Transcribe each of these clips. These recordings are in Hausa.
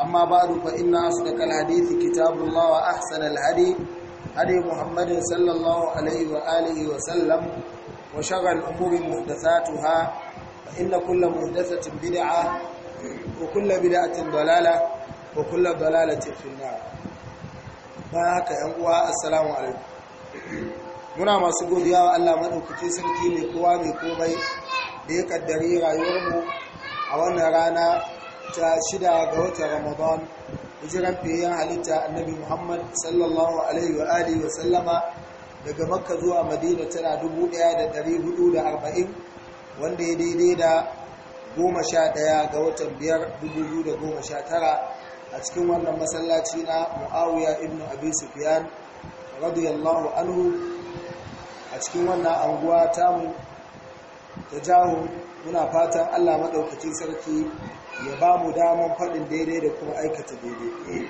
amma ba'du fa inna asdaqal hadithi kitabullah wa ahsanal hadi hadi muhammadin sallallahu alayhi wa alihi wa sallam wa shaghal umuri muhdathatuha fa inna kulla muhdathatin bid'ah wa kulla bid'atin dalalah wa kulla dalalatin fil nar ba haka yan uwa assalamu alaikum muna masu godiya wa Allah madaukakin sarki mai kowa mai komai da ya kaddare rayuwarmu a wannan rana ta shida ga watan ramadan hijiran fiyayyen halitta annabi muhammad sallallahu alaihi wa alihi wa sallama daga makka zuwa madina tana 1440 wanda ya daidai da 11 ga watan biyar 2019 a cikin wannan masallaci na muawiya ibn abi sufyan radiyallahu anhu a cikin wannan anguwa tamu ta jahu muna fatan Allah maɗaukacin sarki ya ba mu daman faɗin daidai da kuma aikata daidai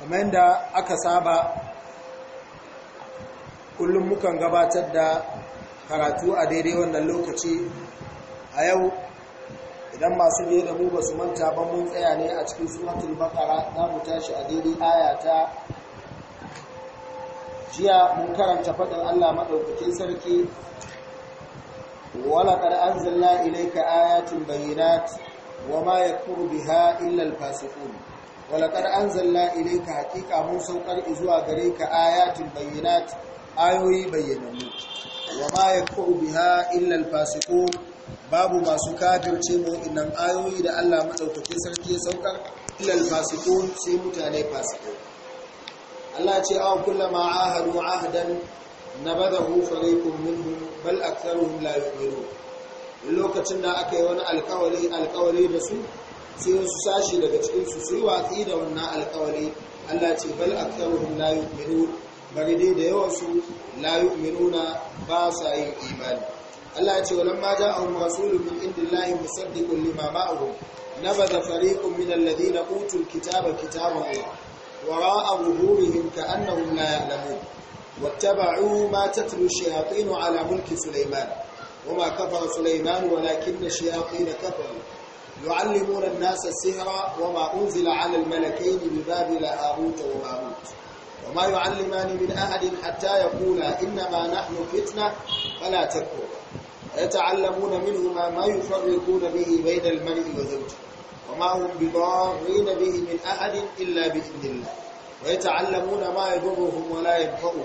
kamar yadda aka saba kullum mukan gabatar da karatu a daidai wannan lokaci a yau idan masu biye da mu basu manta ba mun tsaya ne a cikin suratul bakara za mu tashi a daidai aya ta jiya mun karanta faɗin Allah maɗaukakin sarki wala qad anzalna ilayka ayatin bayyana. وما يكفر بها إلا الفاسقون ولقد أنزلنا إليك حقيقة من سوقر إزوى غريك آيات بينات آيوي بينانو وما يكفر بها إلا الفاسقون باب ما سكافر تيمو إنم آيوي دا ألا مدو تكسر كي سوقر إلا الفاسقون سيمو تاني فاسقون الله تي أو ما عاهدوا عهدا نبذه فريق منهم بل أكثرهم لا يؤمنون lokacin da aka yi wani alkawari alkawari da su sai wasu sashi daga cikin su su yi watsi da wannan alkawari Allah ce bal aktharuhum la yu'minun bari dai da yawan su la yu'minuna ba sa yin imani Allah ce walamma ja'ahum rasulun min indillahi musaddiqun lima ma'ahum نبذ فريق من الذين أوتوا الكتاب كتاب الله وراء ظهورهم كأنهم لا يعلمون واتبعوا ما تتلو الشياطين ala mulki سليمان وما كفر سليمان ولكن الشياطين كفروا يعلمون الناس السحر وما أنزل على الملكين ببابل هاروت وماروت وما يعلمان من أحد حتى يقولا إنما نحن فتنة فلا تكفر ويتعلمون منهما ما يفرقون به بين المرء وزوجه وما هم بضارين به من أحد إلا بإذن الله ويتعلمون ما يضرهم ولا ينفعهم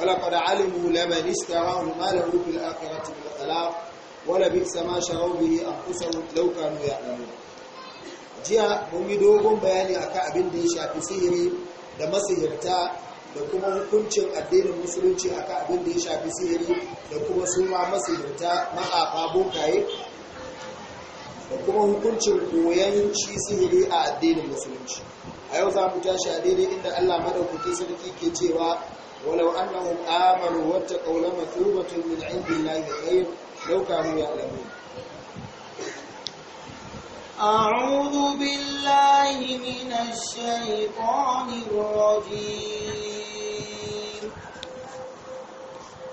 ولقد علموا لمن اشتراه ما له في الآخرة من خلاق ولبئس ما شروا به أنفسهم لو كانوا يعلمون jiya mun yi dogon bayani akan abin da ya shafi sihiri da masihirta da kuma hukuncin addinin musulunci aka abin da ya shafi sihiri da kuma suma masihirta matsafa bokaye da kuma hukuncin koyon shi sihiri a addinin musulunci a yau za mu tashi a daidai inda allah madaukaki sarki ke cewa ولو أنهم آمنوا واتقوا لمثوبة من عند الله خير لو كانوا يعلمون أعوذ بالله من الشيطان الرجيم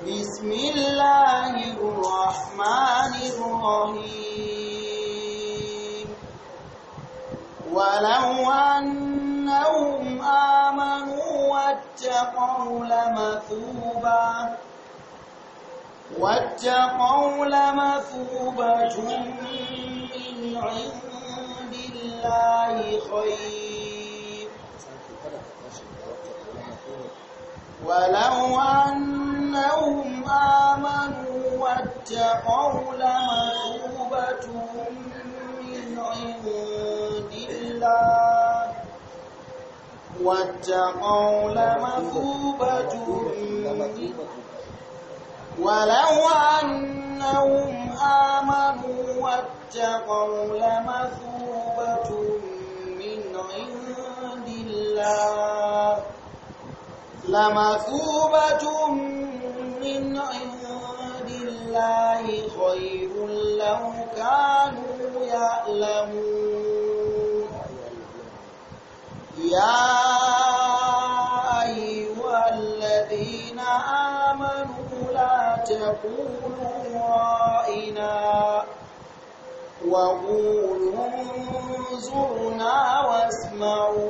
بسم الله الرحمن الرحيم ولو أن أنهم آمنوا واتقوا لمثوبة واتقوا لمثوبة من عند الله خير ولو أنهم آمنوا واتقوا لمثوبة من عند الله واتقوا لمثوبة ولو أنهم آمنوا واتقوا لمثوبة من عند الله لمثوبة من عند الله خير لو كانوا يعلمون يا أيها الذين آمنوا لا تقولوا رائنا وقولوا انظرنا واسمعوا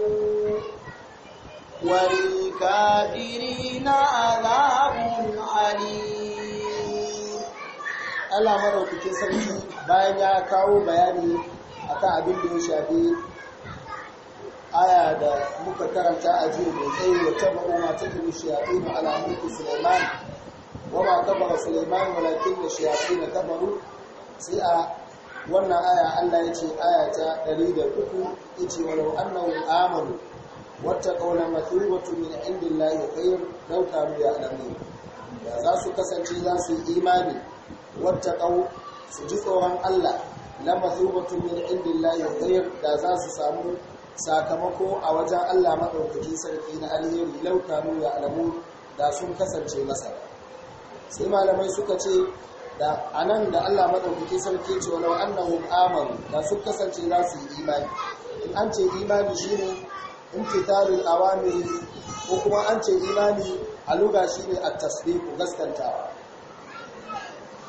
وللكافرين عذاب أليم Allah maɗaukakin sarki bayan ya kawo bayani akan abin da ya shafi aya da muka karanta a jiya mai tsayi wa taba umma ta tabi shayatin ala mulki Sulaiman wa ma kabara da walakin na kabaru sai a wannan aya Allah ya ce aya ta ɗari da 103 wata ƙaunar mafi amanu mai indin layi min indillahi khair law ya ya'lamun da za su kasance za su yi imani Wata ƙau su ji tsoron Allah la mathubatu indin indillahi khair da za su samu sakamako a wajen Allah maɗaukaki sarki na alheri laukanu ya alamu da sun kasance masa sai malamai suka ce da anan da Allah maɗaukaki sarki ce wani wa'annan amanu da sun kasance za su yi imani in an ce imani shi ne, in shine intitarul awamiri ko kuma an ce imani a luga shine tasbe ku gaskantawa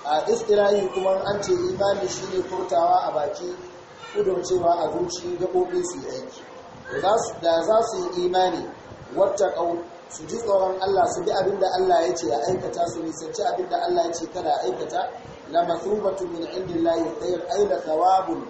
a istirahi kuma an ce imani shi ne furtawa a baki cewa a zuci gaɓoɓi su yi aiki da za su yi imani wata su ji tsoron Allah su bi abin da Allah ya ce a aikata su nisanci abin da Allah ya ce kada a aikata la mathubatu min layi khayr ayla thawabun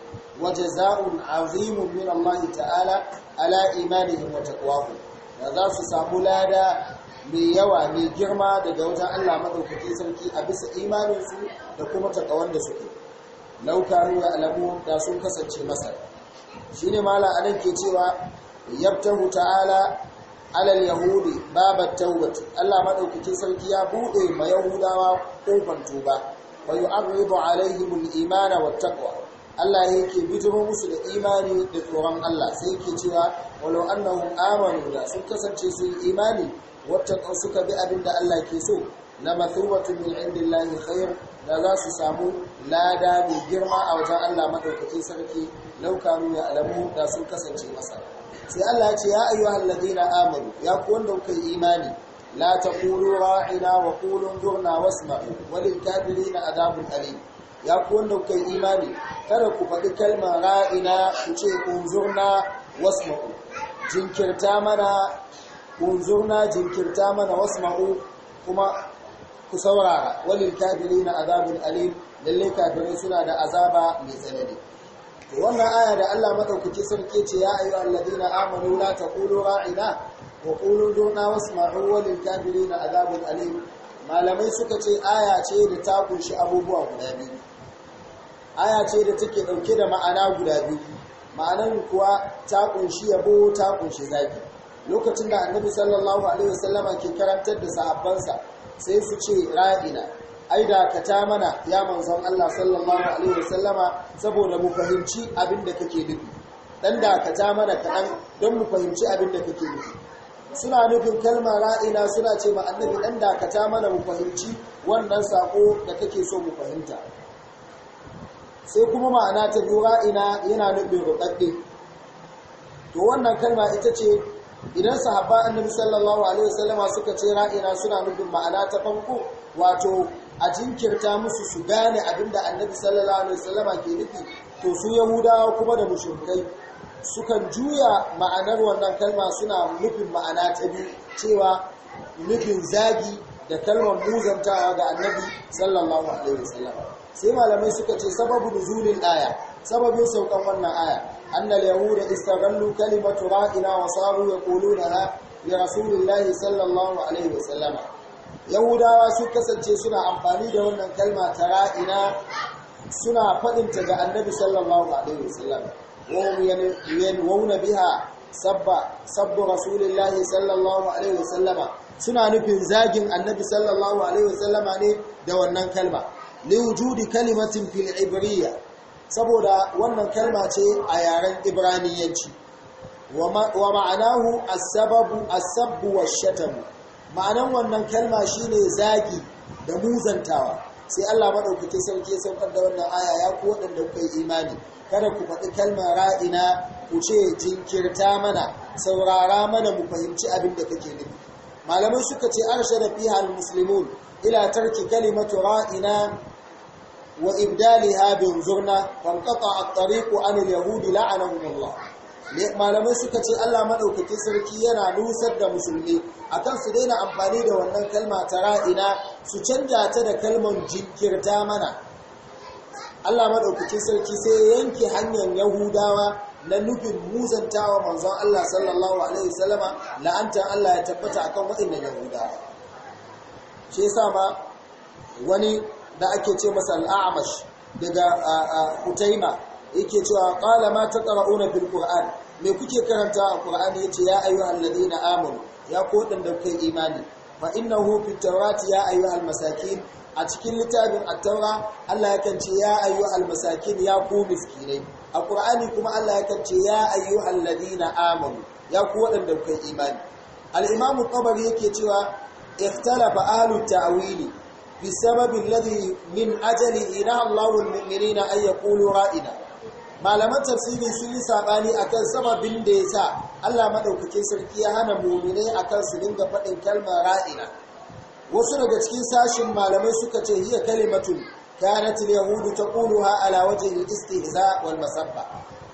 waje zaun 'azimun min Allah ta'ala ala imanihim wata taqwahum da za su samu lada mai yawa mai girma daga wajen Allah madaukake sarki a bisa imaninsu da kuma takawar da suke laukanu ya alamu da sun kasance masar shi ne mala anan ke cewa yabtahu ta'ala alal yahudi babat tawbat Allah madaukakin sarki ya buɗe ma yahudawa kofar tuba wa yu'ridu alaihim al-iman wa taqwa Allah yake bijiro musu da imani da tsoron Allah sai yake cewa walau annahum amanu da sun kasance su imani wata suka bi abin da Allah ke so na watan min indillahi khair da za su samu lada mai girma a wajen Allah madaukakin sarki laukanu ya alamu da sun kasance masa sai Allah ya ce ya ayyuhal ladina amanu ya ku wanda kuka yi imani la taqulu ra'ina wa qulu ma'u, wani walil kafirina adabun alim ya ku wanda kuka yi imani kada ku faɗi kalmar ra'ina ku ce unzurna ma'u. jinkirta mana unzurna jinkirta mana wasma'u kuma ku saurara walil na azabin alim lalle kafirai suna da azaba mai tsanani wannan aya da Allah madaukaki sarki ce ya ayu alladina amanu la taqulu ra'ina wa qulu duna wasma'u walil kafirina azabun alim malamai suka ce aya ce da ta kunshi abubuwa guda biyu aya ce da take dauke da ma'ana guda biyu ma'anan kuwa ta kunshi yabo ta kunshi zaki. lokacin da annabi sallallahu alaihi wasallama ke karantar da sahabbansa sai su ce ra'ina ai da dakata mana ya manzon Allah sallallahu alaihi wasallama saboda mu fahimci abin da kake nufi dan ta mana kaɗan don mu fahimci abin da kake nufi suna nufin kalma ra'ina suna ce ma annabi dan dakata mana mu fahimci wannan sako da kake so mu fahimta sai kuma ma'ana ta biyu ra'ina yana nufin ruɗaɗɗe to wannan kalma ita ce idan sahabba annabi sallallahu alaihi wasallama suka ce ra'ina suna nufin ma'ana ta farko wato a jinkirta musu su gane abinda annabi sallallahu alaihi wasallama ke nufi to su yahudawa kuma da mushrikai sukan juya ma'anar wannan kalma suna nufin ma'ana ta biyu cewa nufin zagi da kalmar muzantawa ga annabi sallallahu alaihi wasallama sai malamai suka ce sababu nuzulin aya sababin saukan wannan aya annal yahuda istaghallu kalimatu ra'ina wa sabu yaquluna li rasulillahi sallallahu alaihi sallama. yahudawa su kasance suna amfani da wannan kalma ta ra'ina suna fadin ta ga annabi sallallahu alaihi sallama. wa wauna biha sabba sabbu rasulillahi sallallahu alaihi wasallama suna nufin zagin annabi sallallahu alaihi wasallama ne da wannan kalma liwujudi kalimatin fil ibriya saboda wannan kalma ce a yaren ibraniyanci wa ma'anahu as-sababu as-sabbu wash ma'anan wannan kalma shine zagi da muzantawa sai Allah madaukakin sarki ya saukar da wannan aya ya ku waɗanda kuka yi imani kada ku faɗi kalmar ra'ina ku ce jinkirta mana saurara mana mu fahimci abin da kake nufi malamai suka ce arshada fiha al-muslimun ila tarki kalimatu ra'ina وإبدالها بانظرنا فانقطع الطريق عن اليهود لعنهم الله malamai suka ce Allah maɗaukakin sarki yana nusar da musulmi kan su daina amfani da wannan kalma ta ra'ina su canja ta da kalman jinkirta mana Allah maɗaukakin sarki sai yanke hanyar yahudawa na nufin muzantawa manzon Allah sallallahu alaihi salama la'antar Allah ya tabbata akan waɗannan yahudawa shi ma wani da ake ce masa al'amash daga Utaima yake cewa qala ma taqra'una bil ƙura'an me kuke karanta a ya ce ya ayyuhal na amur ya koɗin da kai imani ba ina fit taurati ya ayyuhal almasaki a cikin littafin at-taura Allah ya ce ya ayyuhal almasaki ya ku miskinai a ƙur'ani kuma Allah ya ce ya ayyuhal na amur ya koɗin da kai imani al-imamu yake cewa ikhtalafa Alu ta'wili بسبب الذي من أجل إله الله المؤمنين أن يقولوا رائنا ما لما تفسيري سيري ساباني أكن سبب ديسا الله ما دوك كيسر كيهانا مؤمنين أكن سلنغ فتن كلمة رائنا وصل جتكين ساشن ما لما سكته هي كلمة كانت اليهود تقولها على وجه الاستهزاء والمسبة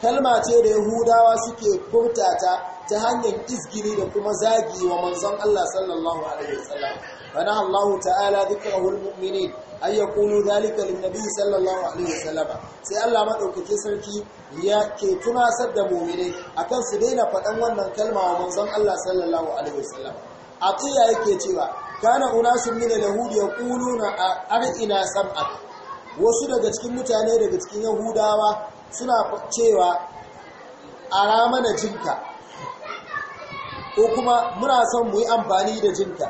kalma ce da yahudawa suke furtata ta hanyar izgini da kuma zagi wa manzon Allah sallallahu alaihi wasallam fana Allah ta'ala dhikrahul mu'minin ay yaqulu dhalika lin nabiy sallallahu alaihi wasallam sai Allah madaukake sarki ya ke tunasar da mu'mine akan su daina faɗan wannan kalma wa manzon Allah sallallahu alaihi wasallam atiya yake cewa kana unasun min al-yahudi yaquluna arina sam'at wasu daga cikin mutane daga cikin yahudawa suna cewa ara mana jinka ko kuma muna son mu yi amfani da jinka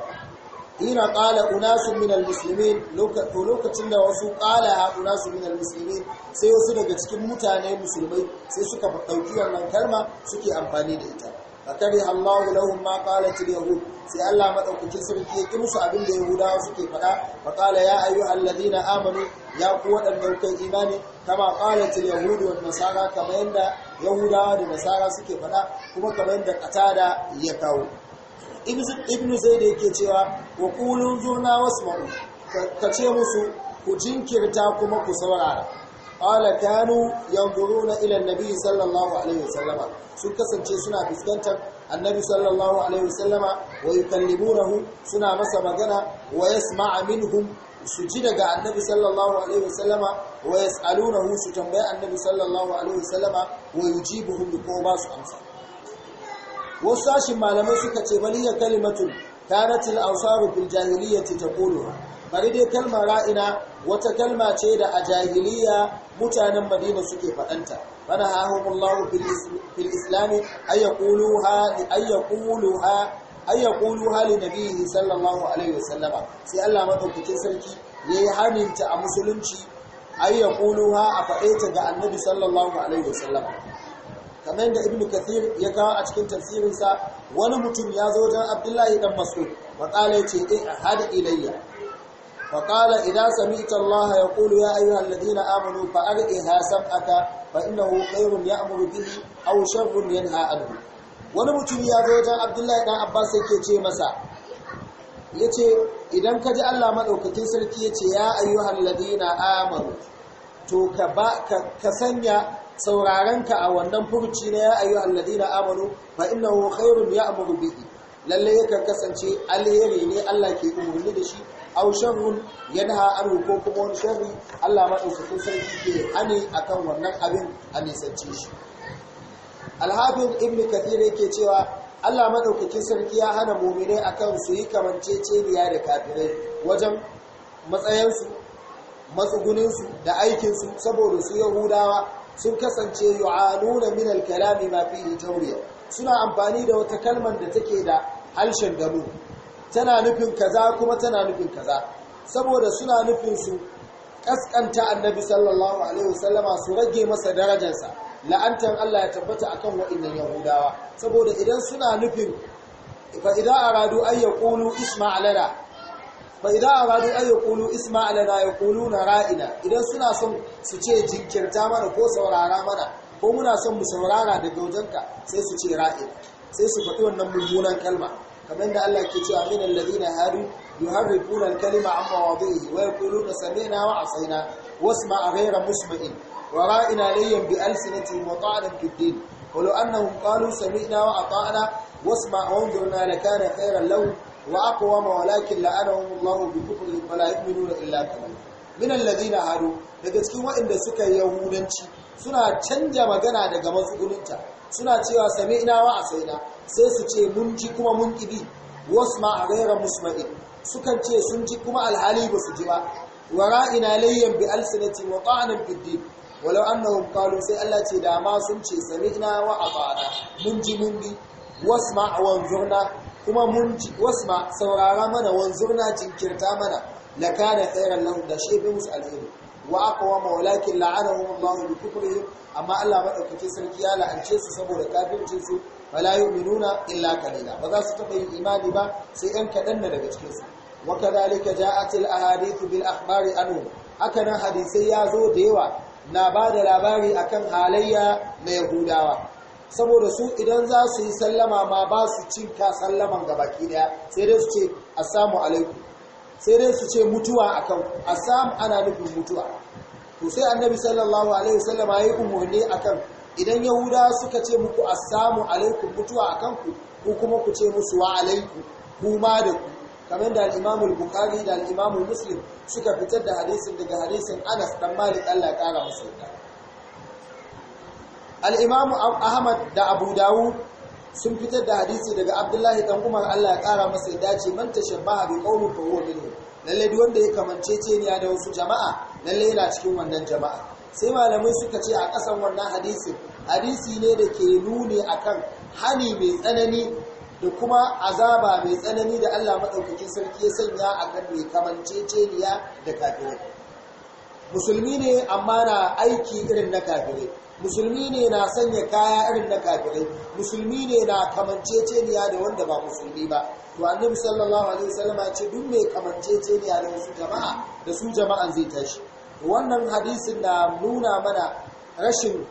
ina ƙala unasun minal musulmin to lokacin da wasu ƙala ha unasun minal musulmin sai wasu daga cikin mutane musulmai sai suka ɗauki wannan kalma suke amfani da ita fakari Allahu lahum ma qalat al-yahud sai Allah madaukakin sarki ya kimsu abin da yahudawa suke fada faqala ya ayyuhal ladina amanu ya ku wadanda kuka imani kama qalat al-yahud wa nasara kama yanda yahudawa da nasara suke fada kuma kama yanda qatada ya kawo ibnu zaid yake cewa wa qulun zurna wasma'u ka ce musu ku jinkirta kuma ku saurara qala kanu yanzuruna ila annabi sallallahu alaihi wasallama sun kasance suna fuskantar annabi sallallahu alaihi wasallama wa yukallimunahu suna masa magana wa yasma'a minhum su ji daga annabi sallallahu alaihi wasallama wa yas'alunahu su tambaye annabi sallallahu alaihi wasallama wa yujibuhum bi ko ba amsa wasu sashin malamai suka ce baliya kalimatun kanatil ansaru fil jahiliyyati taquluha bari dai kalmar ra'ina wata kalma ce da a jahiliya mutanen madina suke faɗanta bana hahumullahu fil islami ayyaquluha ayyaquluha ayyaquluha li sallallahu alaihi wasallama sai Allah madaukakin sarki yi haninta a musulunci ayyaquluha a faɗe ta ga annabi sallallahu alaihi wasallama kamar da ibnu kathir ya kawo a cikin tafsirinsa wani mutum ya zo wajen abdullahi dan mas'ud wa qala yace eh hada ilayya فقال إذا سمعت الله يقول يا أيها الذين آمنوا فأرئها سمعك فإنه خير يأمر به أو شر ينهى عنه wani mutum ya zo wajen abdullahi dan abbas yake ce masa yace idan ka ji Allah madaukakin sarki ya ce ya ayyuhan ladina amanu to ka ba ka sanya saurarenka a wannan furuci na ya ayyuhan ladina amanu fa innahu khairun ya'muru bihi lalle yakan kasance alheri ne Allah ke umurni da shi aw sharrun yanha anhu ko kuma wani sharri Allah madaukakin sarki ke hani akan wannan abin a nisanci shi alhabin ibn kathir yake cewa Allah madaukakin sarki ya hana mu'mine akan su yi kamanceceniya da kafirai wajen matsayansu matsuguninsu da aikinsu saboda su hudawa sun kasance nuna min al-kalami ma fihi tawriya suna amfani da wata kalmar da take da harshen damu tana nufin kaza kuma tana nufin kaza saboda suna nufin su kaskanta annabi sallallahu alaihi wasallama su rage masa darajarsa la'antan Allah ya tabbata akan wa'annan yahudawa saboda idan suna nufin fa idan aradu ay yaqulu isma' fa idan aradu ay yaqulu isma' yaquluna ra'ina idan suna son su ce jinkirta mana ko saurara mana ko muna son mu saurara daga wajenka sai su ce ra'ina sai su faɗi wannan mummunan kalma kamar da Allah ke cewa min alladhina hadu yuharrifuna al-kalima amma mawadihi wa yaquluna sami'na wa asayna wasma' ghayra musma'in wa ra'ina layyan bi alsinatihim wa ta'anan fi annahum qalu sami'na wa ata'na wasma' wa anzurna lakana khayran lahum wa aqwama walakin la'anahum Allahu bi kufrihim wa la yu'minuna illa billah min alladhina hadu daga cikin waɗanda suka yahudanci suna canja magana daga matsugunta suna cewa ina wa a sai su ce mun ji kuma mun Wasu ma a ghayra musma'in sukan ce sun ji kuma alhali ba su ji ba wara'ina layyan bi alsinati wa ta'anan fid din walau annahum qalu sai Allah ce da ma sun ce ina wa fara mun ji mun bi wasu ma a wanzurna kuma mun ji wasu ma saurara mana wanzurna jinkirta mana lakana khairan lahum da shebe musu alheri wa aqwa mawlakin la'anahum Allah bi kufrihim amma Allah maɗaukaki sarki ya la'ance su saboda kafircin su wala yu'minuna illa kalila ba za su taɓa yin imani ba sai yan kaɗan na daga cikin su wa kadhalika a ahadith bil akhbari anu haka nan hadisai ya zo da yawa na ba da labari akan halayya na yahudawa saboda su idan za su yi sallama ma ba su cinka sallaman gabaki daya sai dai su ce assalamu alaikum sai dai su ce mutuwa akan assam ana nufin mutuwa to sai annabi sallallahu alaihi wasallam yayi umurni akan idan yahuda suka ce muku assalamu alaikum mutuwa akan ku ku kuma ku ce musu wa alaikum kuma da ku kamar da al-Imam al-Bukhari da al-Imam Muslim suka fitar da hadisin daga hadisin Anas dan Malik Allah kara masa yarda al-Imam Ahmad da Abu Dawud sun fitar da hadisi daga Abdullahi dan Umar Allah ya kara masa yarda ce man tashabbaha bi qawmin fa huwa minhu lalle duk wanda ya ce ne da wasu jama'a lalle yana cikin wannan jama'a sai malamai suka ce a ƙasan wannan hadisin hadisi ne da ke nuni akan hani mai tsanani da kuma azaba mai tsanani da Allah maɗaukakin sarki ya sanya a kan mai kamanceceniya da kafirai musulmi ne amma na aiki irin na kafirai musulmi ne na sanya kaya irin na kafirai musulmi ne na kamanceceniya da wanda ba musulmi ba to annabi sallallahu alaihi wasallam ya ce duk mai kamanceceniya da wasu jama'a da su jama'an zai tashi wannan hadisin na nuna mana rashin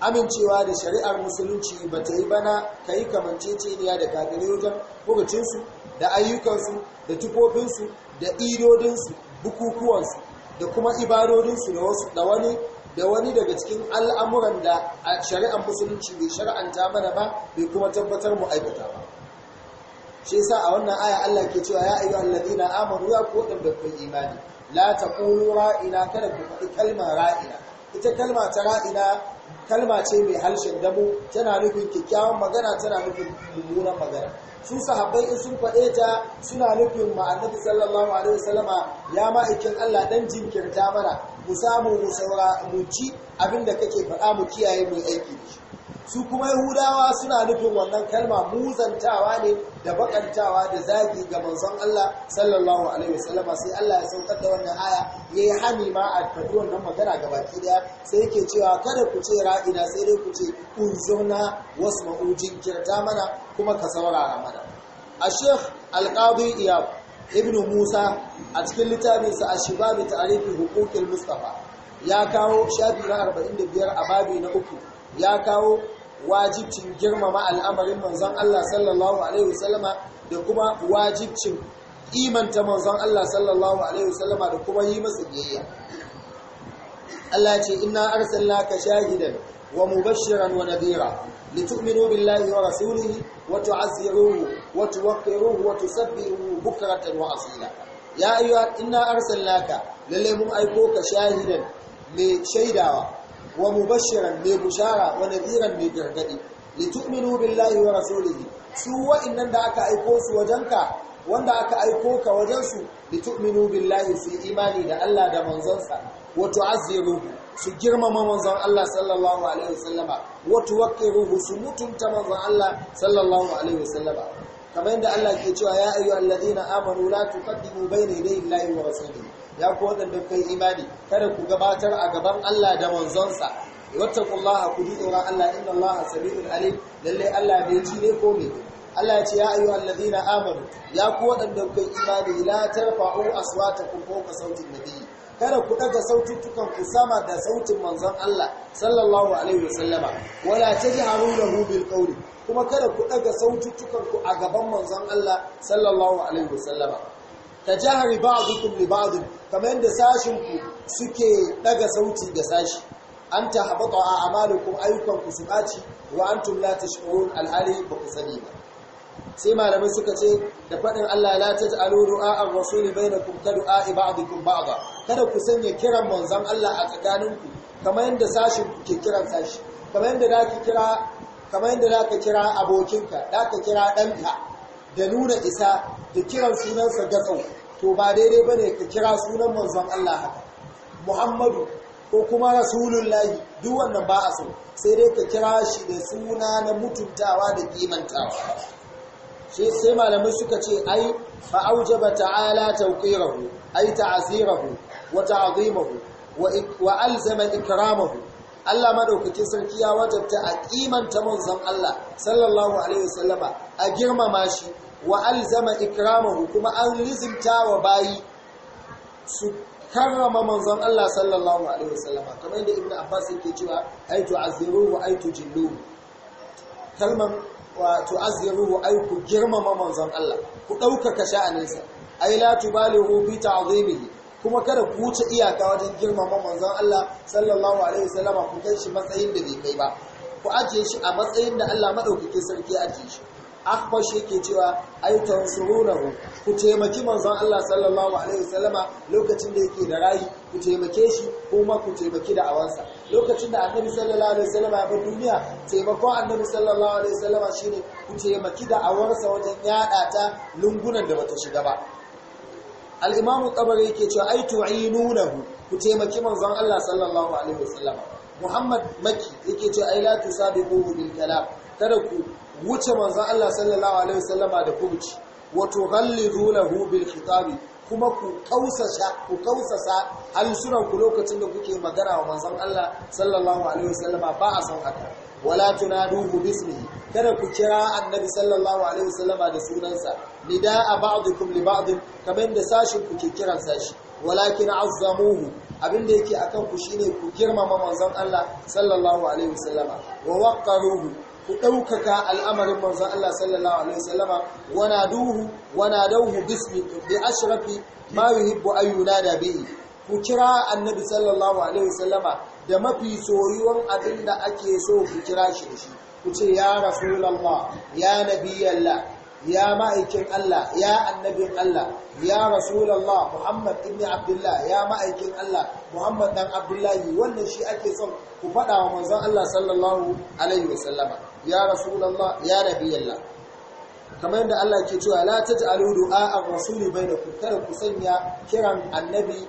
amincewa da shari'ar musulunci ba ta yi bana ka yi kamanceceniya da kafirai wajen da ayyukansu da tukofinsu da idodinsu bukukuwansu da kuma ibadodinsu da wani da wani daga cikin al'amuran da shari'ar musulunci bai shari'anta mana ba bai kuma tabbatar mu aikata ba shi sa a wannan aya Allah ke cewa ya ayyuhal ladina amanu ya ku wadanda kun imani la taqulu ra'ina kada ku faɗi kalma ra'ina ita kalma ta ra'ina kalma ce mai harshen damo tana nufin kyakkyawan magana tana nufin mummunan magana su sahabbai in sun faɗe ta suna nufin ma annabi sallallahu alaihi wasallama ya ma'aikin Allah dan jinkirta mana mu samu mu saura mu ci abinda kake faɗa mu kiyaye mu aiki da shi su kuma yahudawa suna nufin wannan kalma muzantawa ne da bakantawa da zagi ga manzon Allah sallallahu alaihi wasallam sai Allah ya saukar da wannan aya yayi hani ma a tafi wannan magana ga baki daya sai yake cewa kada ku ce ra'ina sai dai ku ce unzuna wasma'u jinkirta mana kuma ka saurara mana a sheikh al-qadi iyab ibn musa a cikin littafinsa a da ta'arifi hukukil mustafa ya kawo shafi na 45 a babi na uku ya kawo wajibcin girmama al'amarin manzon Allah sallallahu alaihi wasallama da kuma wajibcin imanta manzon Allah sallallahu alaihi wasallama da kuma yi masa biyayya Allah ce inna arsalnaka shahidan ومبشرا ونذيرا لتؤمنوا بالله ورسوله وتعزروه وتوقروه وتسبحوه بكرة وأصيلا يا أيها إنا أرسلناك للهم أيكوك شاهدا لشيدا ومبشرا لبشارة ونذيرا لجرجد لتؤمنوا بالله ورسوله سوى إن دعك أيكوس وجنك wanda aka aiko ka wajensu litu'minu billahi su imani da Allah da manzonsa wa tu'azziruhu su girmama manzon Allah sallallahu alaihi wasallama wa tuwaqqiruhu su mutunta manzon Allah sallallahu alaihi wasallama kamar yadda Allah ke cewa ya ayyuhal ladina amanu la tuqaddimu bayna yaday Allahi wa rasulihi ya ku wadanda kai imani kada ku gabatar a gaban Allah da manzonsa wattaqullaha ku ji tsoron Allah inna Allaha in alim lalle Allah bai ci ne ko ne Allah ya ce ya ayyuhal ladina amanu ya ku wadanda kai imani la tarfa'u aswatakum fawqa sautin nabiyyi kada ku daga sautukan ku sama da sautin manzon Allah sallallahu alaihi wasallama wala tajharu lahu bil qawli kuma kada ku daga sautukan ku a gaban manzon Allah sallallahu alaihi wasallama tajahari ba'dukum li ba'd kamar yadda sashin ku suke daga sauti da sashi an tahabata a amalukum ayyukan ku su baci wa antum la tash'urun alhali ba ku sani ba sai malamai suka ce da faɗin Allah la taj'alu du'a ar-rasuli bainakum ka du'a ba'dikum ba'da kada ku sanya kiran manzon Allah a tsakaninku kamar yadda sashin ke kiran sashi kamar yadda zaki kira kira abokinka zaka kira danka da nuna isa da kiran sunansa tsau to ba daidai bane ka kira sunan manzon Allah haka Muhammadu ko kuma rasulullahi duk wannan ba a so sai dai ka kira shi da suna na mutuntawa da kimantawa shi sai malamai suka ce ai fa aujaba ta'ala tawqirahu ai ta'zirahu wa ta'zimahu wa alzama ikramahu Allah madaukakin sarki ya wajabta a kimanta manzon Allah sallallahu alaihi wasallama a girmama shi wa alzama ikramahu kuma an lizimta wa bayi su karrama manzon Allah sallallahu alaihi wasallama kamar yadda Ibn Abbas yake cewa ai tu'azziruhu ai tujilluhu kalman wato azziruhu ai ku girmama manzon Allah ku ɗaukaka sha'aninsa ai la tubalihu bi ta'zimihi kuma kada ku wuce iyaka wajen girmama manzon Allah sallallahu alaihi wasallama ku kai shi matsayin da bai kai ba ku ajiye shi a matsayin da Allah madaukake sarki ajiye shi akbashi ke cewa ai tansurunahu ku taimaki manzon Allah sallallahu alaihi wasallama lokacin da yake da rayi ku taimake shi kuma ku taimaki da awansa lokacin da annabi sallallahu alaihi wasallama ya bar duniya taimakon annabi sallallahu alaihi wasallama shine ku taimaki da awansa wajen yada ta lungunan da bata shiga ba al-imamu yake cewa ai tu'inunahu ku taimaki manzon Allah sallallahu alaihi wasallama Muhammad Maki yake cewa ai la tusabiquhu bil kalam kada ku wuce manzan Allah sallallahu alaihi wasallama da kubuci wa tughallizunahu bil khitabi kuma ku kausasa halsunanku lokacin da kuke magana wa manzan Allah sallallahu alaihi wasallama ba a san haka wala tunaduhu bismihi kada ku kira annabi sallallahu alaihi wasallama da sunansa nida'a ba'dukum li ba'd kamar da sashin ku ke kiran sashi walakin azzamuhu abinda yake akan ku shine ku girmama manzon Allah sallallahu alaihi wasallama wa waqaruhu ku ɗaukaka al'amarin manzon Allah sallallahu alaihi wasallama wana duhu wana dauhu bismi bi ashrafi ma yuhibbu ayyuna da bihi ku kira annabi sallallahu alaihi wasallama da mafi tsoriwan abin da ake so ku kira shi da shi ku ce ya rasulullah ya nabiyallah ya ma'aikin Allah ya annabin Allah ya rasulullah Muhammad ibn Abdullah ya ma'aikin Allah Muhammad dan Abdullahi wannan shi ake son ku faɗa wa manzon Allah sallallahu alaihi wasallama ya rasulullah ya nabiyallah kamar yadda Allah ke cewa la taj'alu du'a ar-rasuli bainakum kada ku sanya kiran annabi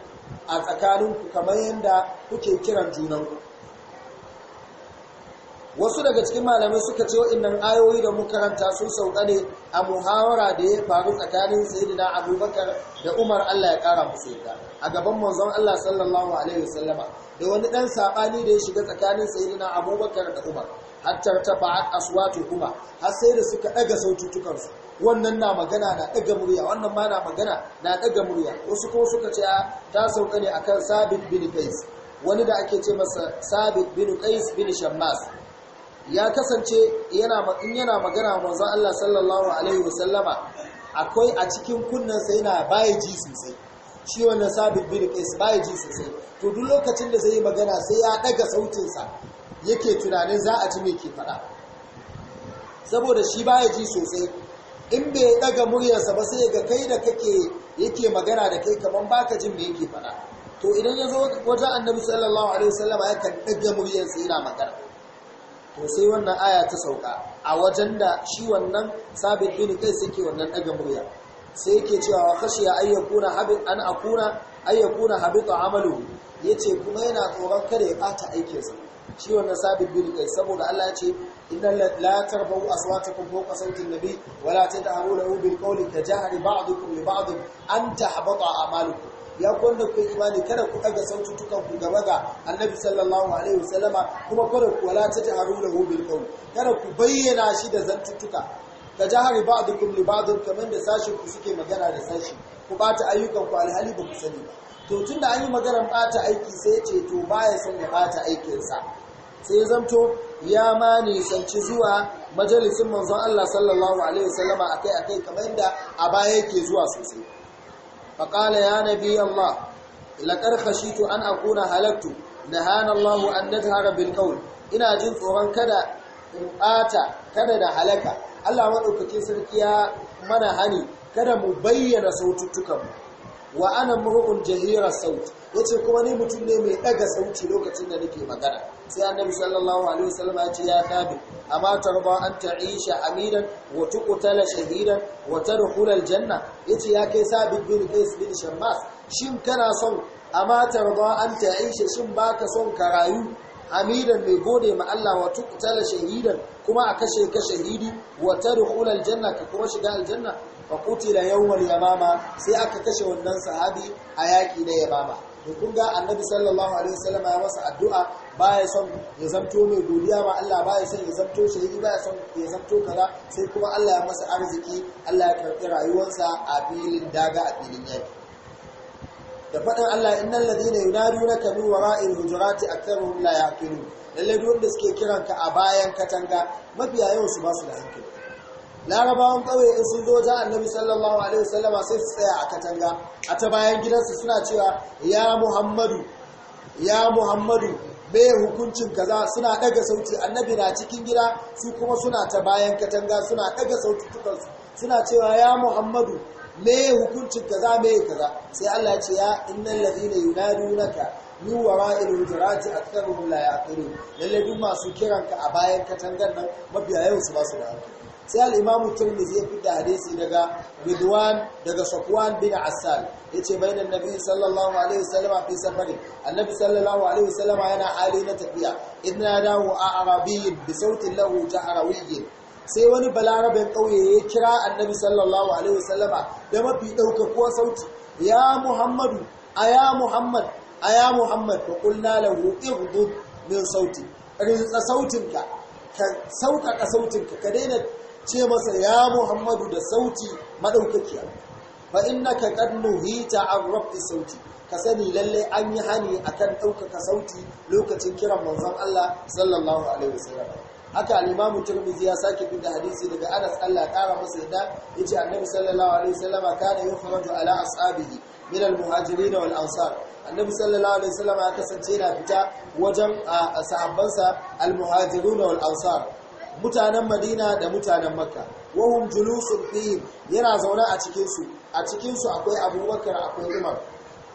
a tsakaninku kamar yadda kuke kiran junanku wasu daga cikin malamai suka ce wainnan ayoyi da mukaranta sun sauka ne a muhawara da ya faru tsakanin sayyidina abubakar da umar allah ya kara musu yadda a gaban manzon allah sallallahu alaihi wasallama da wani ɗan saɓani da ya shiga tsakanin sayyidina abubakar da umar hatar ta ba'at aswatu kuma har sai da suka ɗaga sautukansu wannan na magana na ɗaga murya wannan ma na magana na ɗaga murya wasu ko suka ce ta sauka ne akan sabit bin qais wani da ake ce masa sabit bin qais bin shammas ya kasance in yana magana manzon Allah sallallahu alaihi wasallama akwai a cikin kunnensa yana baya ji sosai shi wannan sabit bin su baya ji sosai to duk lokacin da zai yi magana sai ya daga sautinsa yake tunanin za a ci mai ke faɗa saboda shi baya ji sosai in bai daga muryarsa ba sai ga kai da kake yake magana da kai kaman baka jin mai yake faɗa to idan ya wajen annabi sallallahu alaihi wasallama yakan daga muryarsa yana magana to sai wannan aya ta sauka a wajen da shi wannan sabit bin kai suke wannan daga murya sai yake cewa wa khashiya kuna habit an akuna ayyakuna habita amaluhu yace kuma yana tsoron kada ya bata aikinsa shi wannan sabit bin kai saboda Allah ya ce innal la tarfa'u aswatakum fawqa sawti nabi wa la tad'u lahu bil qawli tajahri ba'dukum li ba'd an tahbata amalukum ya kwanda ku imani kada ku daga sautukan ku gaba ga annabi sallallahu alaihi wasallama kuma kada ku wala ta jaharu da bil qawl kada ku bayyana shi da zantuttuka ka jahari ba'dukum li ba'd kamar da sashin ku suke magana da sashi ku bata ayyukan ku alhali ba ku sani ba to tunda an yi maganar bata aiki sai ce to baya son ya bata aikinsa sai zamto ya ma nisanci zuwa majalisin manzon Allah sallallahu alaihi wasallama akai akai kamar yadda a baya yake zuwa sosai فقال يا نبي الله لقد خشيت أن أكون هلكت نهانا الله أن نجهر بالقول ina jin tsoron kada in ɓata kada da halaka Allah maɗaukakin sarki ya mana hani kada mu bayyana saututtukanmu wa ana mur'un jahira saut yace kuma ni mutum ne mai daga sauti lokacin da nake magana sai annabi sallallahu alaihi wasallam ya ce ya thabi amma tarba an ta'isha aminan wa tuqtala shahidan wa tadkhul aljanna yace ya kai sabit bin qais bin shammas shin kana son amma tarba an ta'isha shin baka son ka rayu amiran mai gode ma Allah wa tuqtala shahidan kuma a kashe ka shahidi wa tadkhul aljanna ka kuma shiga aljanna fa kutila yawmal yamama sai aka kashe wannan sahabi a yaki na yamama to kun ga annabi sallallahu alaihi wasallam ya masa addu'a baya son ya zanto mai godiya ma Allah baya son ya zanto shahidi baya son ya zanto kaza sai kuma Allah ya masa arziki Allah ya karbi rayuwarsa a filin daga a filin yaki da faɗin Allah innal ladina yunadunaka min wara'il hujurati aktharuhum la yaqilun lalle duk wanda suke kiranka a bayan katanga mabiya yau su ba su da hankali larabawan ƙauye in sun zo a annabi sallallahu alaihi wasallama sai su tsaya a katanga a ta bayan gidansu suna cewa ya muhammadu ya muhammadu bai hukuncin kaza suna daga sauti annabi na cikin gida su kuma suna ta bayan katanga suna daga sauti tukansu suna cewa ya muhammadu mai hukuncin kaza me kaza sai Allah ce ya innal ladina yunadunaka min wara'il a aktharuhum la yaqilun lalle duk masu kiranka a bayan katangar nan mabiya yau su ba su da hankali sai al’imamu imamu zai fi da hadisi daga ridwan daga safwan bin asal yace na nabi sallallahu alaihi wasallama fi safari annabi sallallahu alaihi wasallama yana hali na tafiya Ina dawo a arabiyin da sautin lahu jahrawiyyin sai wani balarabin kauye ya kira annabi sallallahu alaihi wasallama da mafi daukakuwa sauti ya muhammadu a ya muhammad a ya muhammad fa qulna lahu ighdud min sauti rinsa sautinka ka sauƙaƙa sautinka ka daina ce masa ya muhammadu da sauti maɗaukakiya fa innaka qad hita an rafi sauti ka sani lalle an yi hani akan ɗaukaka sauti lokacin kiran manzon Allah sallallahu alaihi wasallam haka al-imamu ya sake bin da hadisi daga Anas Allah ƙara masa yadda yace annabi sallallahu alaihi wasallam kana yukhraju ala ashabihi min al-muhajirin wal annabi sallallahu alaihi ya kasance na fita wajen sahabbansa al-muhajirun wal mutanen madina da mutanen makka wahum julusun fiye yana zaune a cikinsu a cikinsu akwai abubakar akwai umar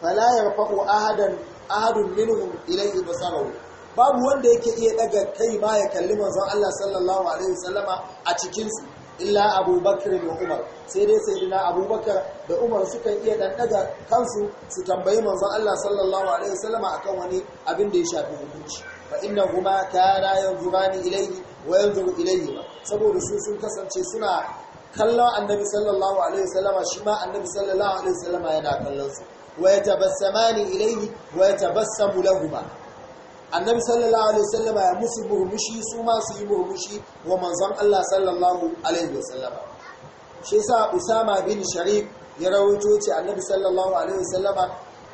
falayar yarfa'u ahadan ahadun ilai ilayhi basarahu babu wanda yake iya daga kai ma ya kalli manzon Allah sallallahu alaihi wasallama a cikinsu illa abubakar da umar sai dai sai dina abubakar da umar suka iya dan daga kansu su tambayi manzon Allah sallallahu alaihi wasallama akan wani abin da ya shafi hukunci fa innahuma kana yanzurani ilai? wa yanzuru ilayhi ba saboda su sun kasance suna kallon annabi sallallahu alaihi wasallama shi ma annabi sallallahu alaihi wasallama yana kallon su wa yatabassamani ilayhi wa yatabassamu lahumu annabi sallallahu alaihi wasallama ya musu murmushi su ma su yi murmushi wa manzon Allah sallallahu alaihi wasallama shi yasa Usama bin Sharif ya rawaito ce annabi sallallahu alaihi wasallama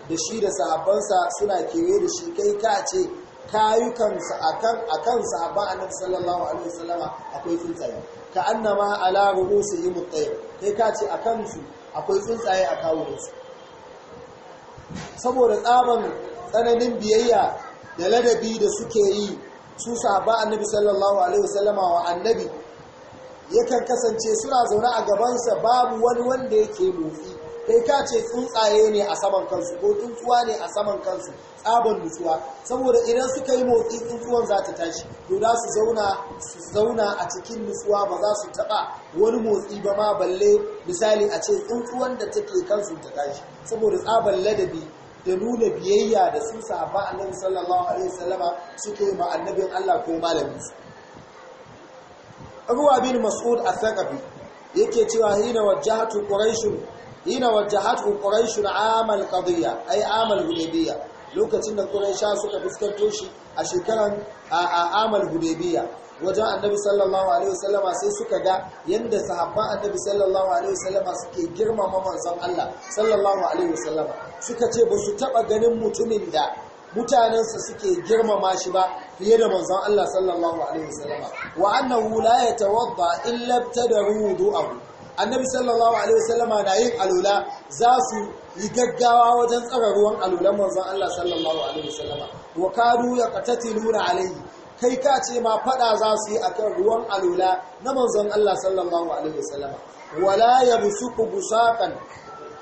da shi da sahabbansa suna kewaye da shi kai ka ce kayukansa kan akan a nan sallallahu alaihi wasallama akwai tsuntsaye ka annama ala ru'usihim at-tayr kai ka ce a su akwai tsuntsaye a kawunansu saboda tsaban tsananin biyayya da ladabi da suke yi su sahaba annabi sallallahu alaihi wasallama wa annabi yakan kasance suna zaune a gabansa babu wani wanda yake motsi kai ka ce tsuntsaye ne a saman kansu ko tsuntsuwa ne a saman kansu tsabon nutsuwa saboda idan suka yi motsi tsuntsuwan za ta tashi to za su zauna a cikin nutsuwa ba za su taɓa wani motsi ba ma balle misali a ce tsuntsuwan da take kansu ta tashi saboda tsabon ladabi da nuna biyayya da su sahaba annabi sallallahu alaihi wasallama suke ma annabin Allah ko malamin su Abu Abin Mas'ud as yake cewa hina wajjahatu Quraishun hina wajahatu quraish amal qadiyya ay amal hudaybiyya lokacin da quraisha suka fuskanto shi a shekaran a amal hudaybiyya wajen annabi sallallahu alaihi wasallama sai suka ga yadda sahabban annabi sallallahu alaihi wasallama suke girmama manzon Allah sallallahu alaihi wasallama suka ce ba su taba ganin mutumin da mutanensa suke girmama shi ba fiye da manzon Allah sallallahu alaihi wasallama wa annahu la yatawadda illa btadaru du'a. annabi sallallahu alaihi wasallama na yin alula za su yi gaggawa wajen tsara ruwan alulan manzon Allah sallallahu alaihi wasallama wa kadu yaqtatiluna alaihi kai ka ce ma fada za su yi akan ruwan alula na manzon Allah sallallahu alaihi wasallama wala yabsuqu busaqan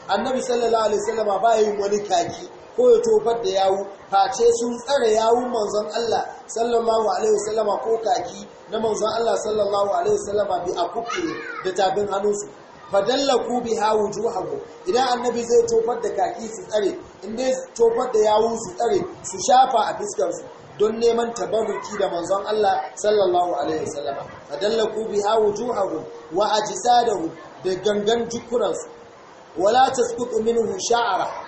annabi sallallahu alaihi wasallama ba yin wani kaki ko ya tofar da yawu face sun tsare yawun manzon Allah sallallahu alaihi wasallama ko kaki na manzon Allah sallallahu alaihi wasallama bi akufi da tabin hannunsu fadallaku biha wujuhahu idan annabi zai tofar da kaki su tsare inda tofar da yawun su tsare su shafa a fiskar su don neman tabarruki da manzon Allah sallallahu alaihi wasallama fadallaku biha wujuhahu wa ajsadahu da gangan jukuransu wala tasqutu minhu sha'ara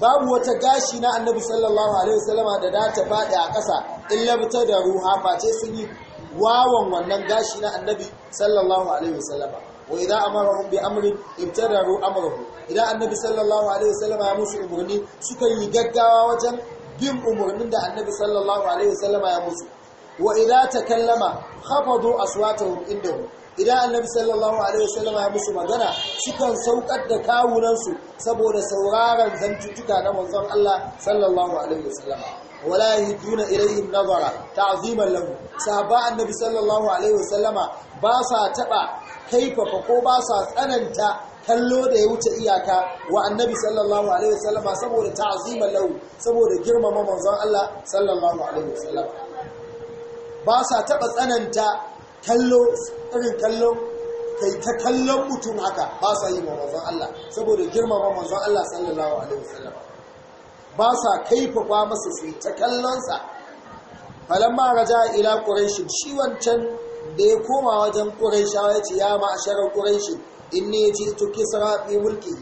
babu wata gashi na annabi sallallahu alaihi wasallama da da ta faɗi a ƙasa in labta da ruha face sun yi wawan wannan gashi na annabi sallallahu alaihi wasallama wa idan hun bi amrin ibtadaru amrahu idan annabi sallallahu alaihi wasallama ya musu umarni suka yi gaggawa wajen bin umarnin da annabi sallallahu alaihi wasallama ya musu wa idan takallama khafadu aswatahum indahu idan annabi sallallahu alaihi wasallam ya musu magana sukan saukar da kawunansu saboda sauraron zantuttuka na manzon Allah sallallahu alaihi wasallam wala yahiduna ilayhim nazara ta'ziman lahu sahaba annabi sallallahu alaihi wasallama ba sa taba kaifafa ko ba sa tsananta kallo da ya wuce iyaka wa annabi sallallahu alaihi wasallama saboda ta'ziman lahu saboda girmama manzon Allah sallallahu alaihi wasallama ba sa taba tsananta kallo irin kallon kai ta kallon mutum haka ba sa yi wa manzon Allah saboda girmama manzon Allah sallallahu alaihi wasallam ba sa ba masa su ta kallonsa falamma raja ila quraish shi wancan da ya koma wajen quraishawa ya ce ya ma ma'asharar quraish inni to kisra fi mulki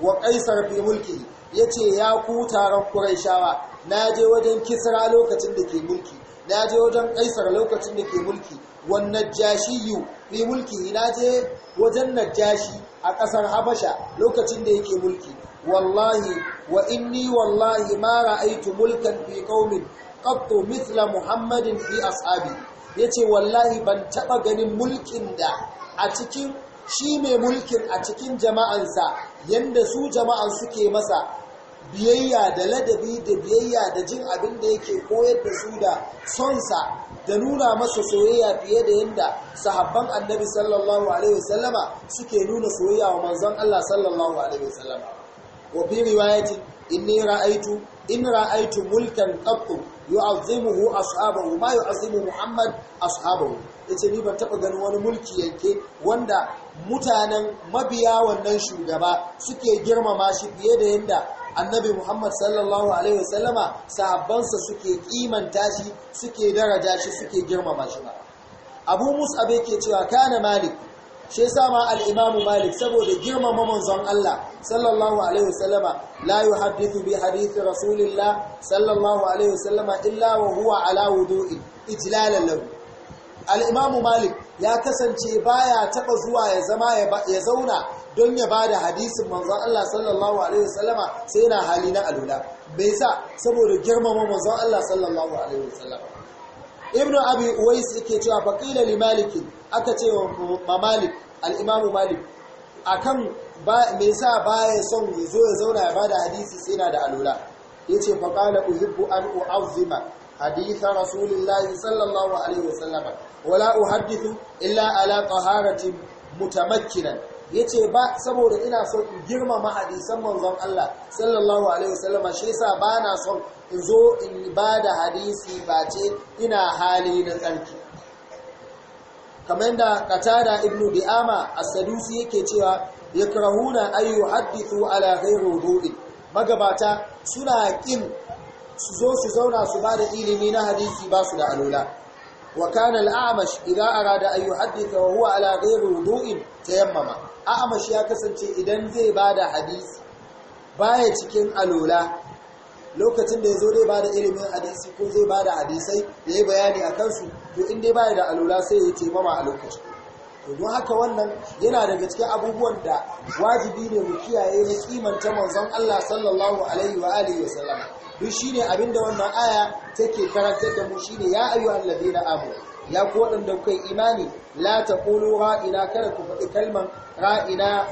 wa qaisar fi ya yace ya ku taron quraishawa na je wajen kisra lokacin da ke mulki na je wajen kaisar lokacin da ke mulki wan najashiyu fi mulki na je wajen najashi a ƙasar habasha lokacin da yake mulki wallahi wa inni wallahi ma ra'aytu mulkan fi qaumin qattu mithla muhammadin fi ashabi yace wallahi ban taba ganin mulkin da a cikin shi mai mulkin a cikin jama'ansa yanda su jama'an suke masa biyayya da ladabi da biyayya da jin abin da yake koyar da su da sonsa da nuna masa soyayya fiye da yadda sahabban annabi sallallahu alaihi wasallama suke nuna soyayya wa manzon Allah sallallahu alaihi wasallama wa bi riwayati inni ra'aitu in ra'aytu mulkan qattu yu'azzimuhu ashabahu ma yu'azzimu muhammad ashabahu yace ni ban taba ganin wani mulki yanke wanda mutanen mabiya wannan shugaba suke girmama shi fiye da yadda annabi Muhammad sallallahu alaihi wasallama sahabbansa suke kimanta shi suke daraja shi suke girmama shi ba Abu bai yake cewa kana Malik shi yasa ma Malik saboda girmama manzon Allah sallallahu alaihi wasallama la yuhaddithu bi hadith rasulillah sallallahu alaihi wasallama illa wa huwa ala wudu'i ijlalan alimamu Malik ya kasance baya taba zuwa ya zama ya zauna don ya bada hadisin manzon Allah sallallahu alaihi wasallama sai yana hali na alula me sa saboda girmama manzon Allah sallallahu alaihi wasallama ibnu abi uwais yake cewa faqila li malik aka ce wa malik al-imamu malik akan ba me yasa baya son ya zo ya zauna ya bada hadisi sai yana da alula yace faqala uhibbu an u'azzima حديث رسول الله صلى الله عليه وسلم ولا احدث الا على طهاره متمكنا yace ba saboda ina so in girmama hadisan manzon Allah sallallahu alaihi wasallam shi yasa na son in zo in ibada hadisi ba ce ina hali na tsarki kamar da qatada ibnu Diama as-sadusi yake cewa yakrahuna ayu hadithu ala ghairi wudu'i magabata suna kin su zo su zauna su ba da ilimi na hadisi ba su da alola wa kana idan amash arada an yuhaddith wa huwa ala ghayri wudu'in tayammama a'mash ya kasance idan zai ba da hadisi baya cikin alola lokacin da ya zo dai ba da ilimin hadisi ko zai ba da hadisai da ya bayani a kansu to in dai baya da alola sai ya yi taimama a lokacin to don haka wannan yana daga cikin abubuwan da wajibi ne mu kiyaye na kimanta manzon Allah sallallahu alaihi wa alihi wasallam duk shine abinda wannan aya take karantar da mu shine ya ayyuhal na amanu ya ku wadanda kai imani la taqulu ra'ina kada ku faɗi kalman ra'ina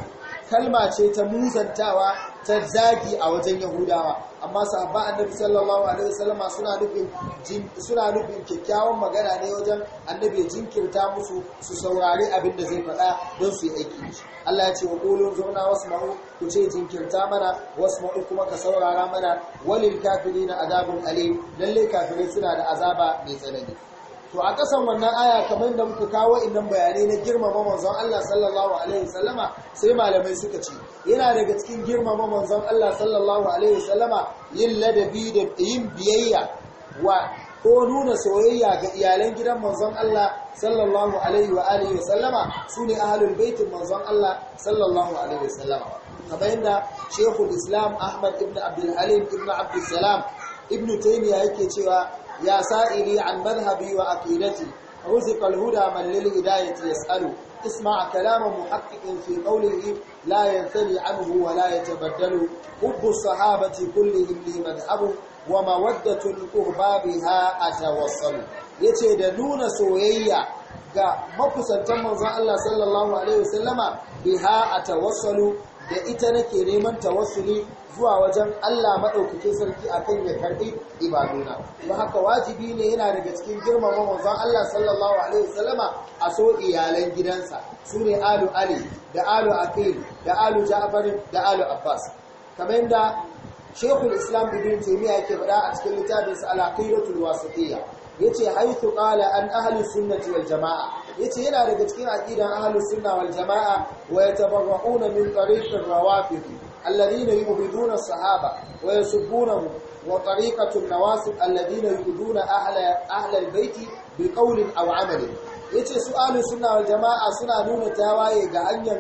kalma ce ta musantawa ta zagi a wajen yahudawa amma sahabba annabi sallallahu alaihi wasallama suna nufin kyakkyawan magana ne wajen annabi jinkirta musu su saurari abin da zai faɗa don su yi aiki Allah ya ce wa qulun wasu wasma'u ku ce jinkirta mana wasma'u kuma ka saurara mana walil na azabin alim lalle kafirai suna da azaba mai tsanani to a ƙasan wannan aya kamar da muka kawo innan bayanai na girmama manzon Allah sallallahu alaihi wasallama sai malamai suka ce yana daga cikin girmama manzon Allah sallallahu alaihi wasallama yin ladabi da yin biyayya wa ko nuna soyayya ga iyalan gidan manzon Allah sallallahu alaihi wa alihi wasallama sune ahlul baitin manzon Allah sallallahu alaihi wasallama kamar yadda Sheikhul Islam Ahmad ibn Abdul Halim ibn Abdul Salam ibn Taymiyyah yake cewa يا سائلي عن مذهبي وعقيدتي رزق الهدى من للهداية يسأل اسمع كلام محقق في قوله لا ينثني عنه ولا يتبدل حب الصحابة كلهم لي مذهب ومودة القربى بها أتوصل yace da nuna soyayya ga makusantan manzon Allah sallallahu alaihi wasallama biha atawassalu da ita nake neman ta wasu tawassuli zuwa wajen Allah maɗaukakin sarki akan ya karɓi ibaduna don haka wajibi ne yana daga cikin girmama manzon Allah sallallahu alaihi wasallama a so iyalan gidansa sune alu ali da alu aqil da alu ja'far da alu abbas kamar da shekul islam ibn taymiya yake faɗa a cikin littafinsa al-aqidatul wasitiyya yace haythu qala an ahli sunnati wal jama'a yace yana daga cikin aqidan ahlus sunna wal jamaa wa yatabarra'una min tariqir rawafid alladhina yubiduna as-sahaba wa yasubbunahum wa tariqatul nawasib alladhina yubiduna ahla ahla al-bayti biqawlin aw amalin yace su ahlus sunna wal jamaa suna nuna tawaye ga hanyar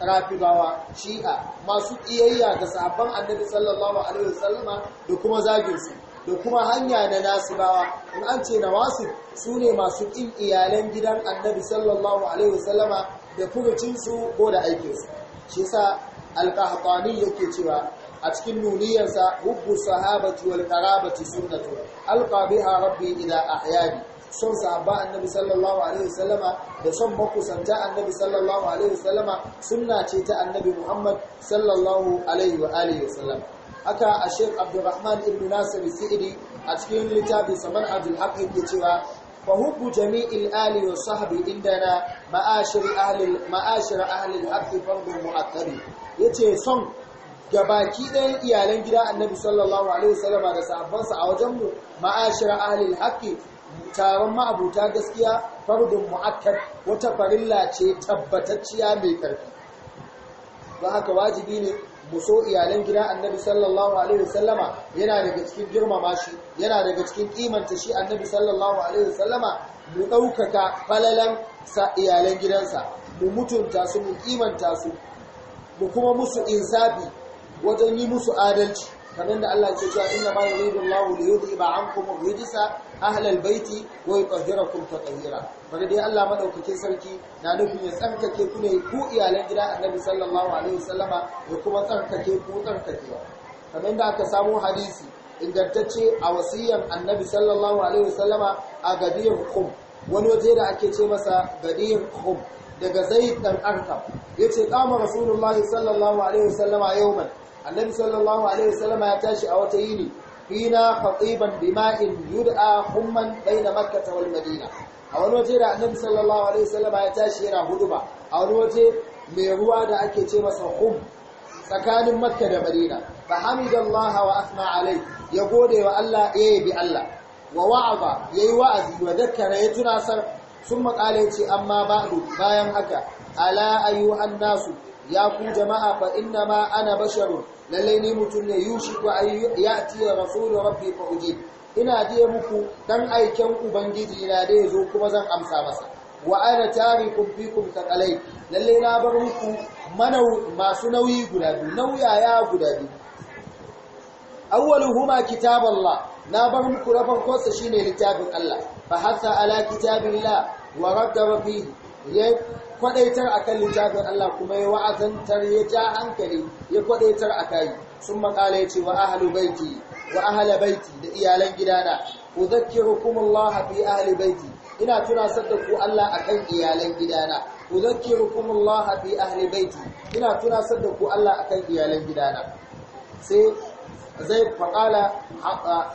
rafidawa shi'a masu iyayya ga sahabban annabi sallallahu alaihi wasallama da kuma zagin su da kuma hanya na nasibawa in an ce na wasu su ne masu ƙin iyalan gidan annabi sallallahu alaihi wasallama da furucinsu ko da aikinsu shi sa alƙahtani yake cewa a cikin nuniyarsa hubbu sahabati wal qarabati sunnatu alqa biha rabbi ila ahyani son sahaba annabi sallallahu alaihi wasallama da son makusanta annabi sallallahu alaihi wasallama sunna ce ta annabi muhammad sallallahu alaihi wa alihi wasallama haka a shek abdurrahman ibn nasir sa'idi a cikin littafi saman abdul haq yake cewa fa hubbu jami'il ali wa sahbi indana ma'ashir ahli ma'ashir ahli al-haq fardu mu'akkari yace son gabaki ɗayan iyalan gida annabi sallallahu alaihi wasallama da sahabbansa a wajenmu ma'ashir ahli al taron ma'abuta gaskiya fardun mu'akkad wata farilla ce tabbatacciya mai karfi Ba haka wajibi ne mu so iyalan gida annabi sallallahu alaihi wasallama yana daga cikin girmama shi yana daga cikin kimanta shi annabi sallallahu alaihi wasallama mu ɗaukaka falalan sa iyalan gidansa mu mutunta su mu kimanta su mu kuma musu insafi wajen yi musu adalci kamar da Allah ke cewa inna ma yuridu Allahu li yudhiba ankum rijsa ahli albayti wa yutahhirakum tatheera bari dai Allah madaukake sarki na nufin ya tsarkake ku ne ku iyalan gida Annabi sallallahu alaihi wasallama da kuma tsarkake ku tsarkake kamar da aka samu hadisi ingantacce a wasiyan Annabi sallallahu alaihi wasallama a gadiyar Qum wani waje da ake ce masa gadiyar Qum daga Zaid dan arkam yace qama Rasulullahi sallallahu alaihi wasallama yawman annabi sallallahu alaihi wasallam ya tashi a wata yini fina Faƙiban, bima'in yud'a humman baina makkah wal madina a wani waje da annabi sallallahu alaihi wasallam ya tashi yana huduba a wani waje mai ruwa da ake ce masa hum tsakanin makka da madina fa hamidallaha wa asma alai ya gode wa Allah ya bi Allah wa wa'aza yayi wa'azi wa zakkara ya tunasar sun makale ce amma ba'du bayan haka ala ayyuhan nasu ya ku jama'a fa inna ma ana basharun Lallai ni mutum ne yushiku ay yati rasul rabbi fa uji ina je muku dan aiken ubangiji na da yazo kuma zan amsa masa wa ana tarikum fikum taqalai lallai na bar muku masu nauyi guda biyu nauyaya guda biyu awwaluhuma kitaballah na bar muku rafan kosa shine littafin Allah fa hasa ala kitabillah wa raddaba fihi kwadaitar kan littafin Allah kuma ya wa'azantar ya ja hankali ya kwadaitar kayi, sun makala ya ce wa ahalu baiti wa ahala baiti da iyalan gidana hukumun Allah fi ahali baiti ina tuna sadda ku Allah a kan iyalan gidana hukumun Allah fi ahali baiti ina tuna sadda ku Allah a kan iyalan gidana sai zai faƙala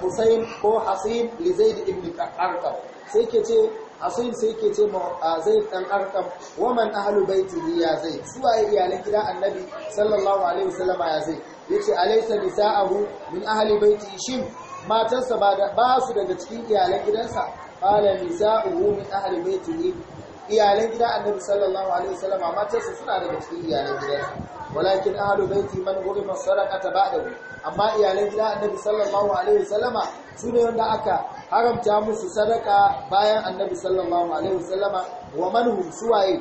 Hussein ko Hasin li Zaid ibn Arqam sai ke ce asayin sai ke ce ma zaid dan arkam wa man ahlu baitihi ya zaid waye iyalan gida annabi sallallahu alaihi wasallama ya zaid yace alaysa bisahu min ahli baitihi shim matarsa ba su daga cikin iyalan gidansa qala bisahu min ahli baitihi iyalan gida annabi sallallahu alaihi wasallama matarsa suna daga cikin iyalan gidansa walakin ahlu baiti man hurima sadaqata ba'dahu amma iyalan gida annabi sallallahu alaihi wasallama su wanda aka haramta musu sadaka bayan annabi sallallahu alaihi wasallama wa manhum suwaye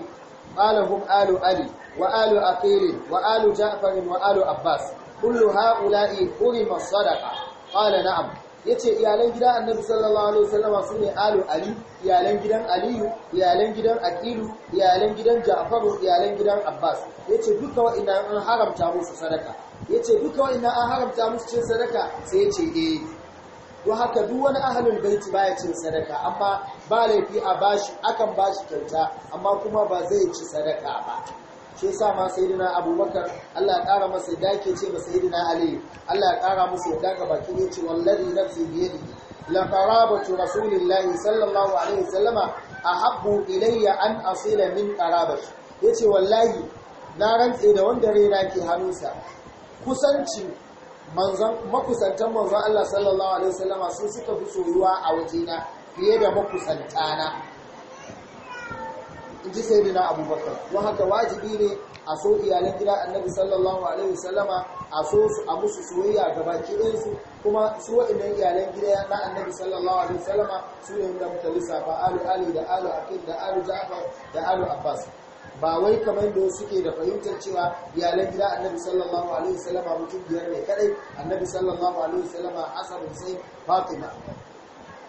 alahum alu ali wa alu aqil wa alu ja'far wa alu abbas kullu ha'ula'i hurima sadaqa qala na'am ya ce iyalan gidan annabi sallallahu alaihi wasallama su ne alu ali iyalan gidan aliyu iyalan gidan aqilu iyalan gidan ja'faru iyalan gidan abbas ya ce duka ina an haramta musu sadaka ya ce duka ina an haramta musu cin sadaka sai ya ce eh don haka duk wani ahalin baiti baya cin sadaka amma ba laifi a bashi akan bashi kyauta amma kuma ba zai ci sadaka ba shi sa ma sayidina abubakar Allah ya kara masa da ke ce masa sayidina ali Allah ya kara masa da ga baki ne ce wallahi nafsi biye yadihi la tu rasulillahi sallallahu alaihi wasallama ahabbu ilayya an asila min qarabati yace wallahi na rantse da wanda raina ke hannunsa kusanci manzon makusantan manzon Allah sallallahu alaihi wasallama sun suka fi soyuwa a wajena fiye da makusantana in ji sai na abubakar don haka wajibi ne a so iyalan gida annabi sallallahu alaihi wasallama a so su a musu soyayya ga baki ɗinsu kuma su waɗannan iyalan gida na annabi sallallahu alaihi wasallama su ne da muka lissafa alu ali da alu akil da alu ja'far da alu abbas ba wai kamar da suke da fahimtar cewa iyalan gida annabi sallallahu alaihi wasallama mutum biyar ne kadai annabi sallallahu alaihi wasallama hasan sai fatima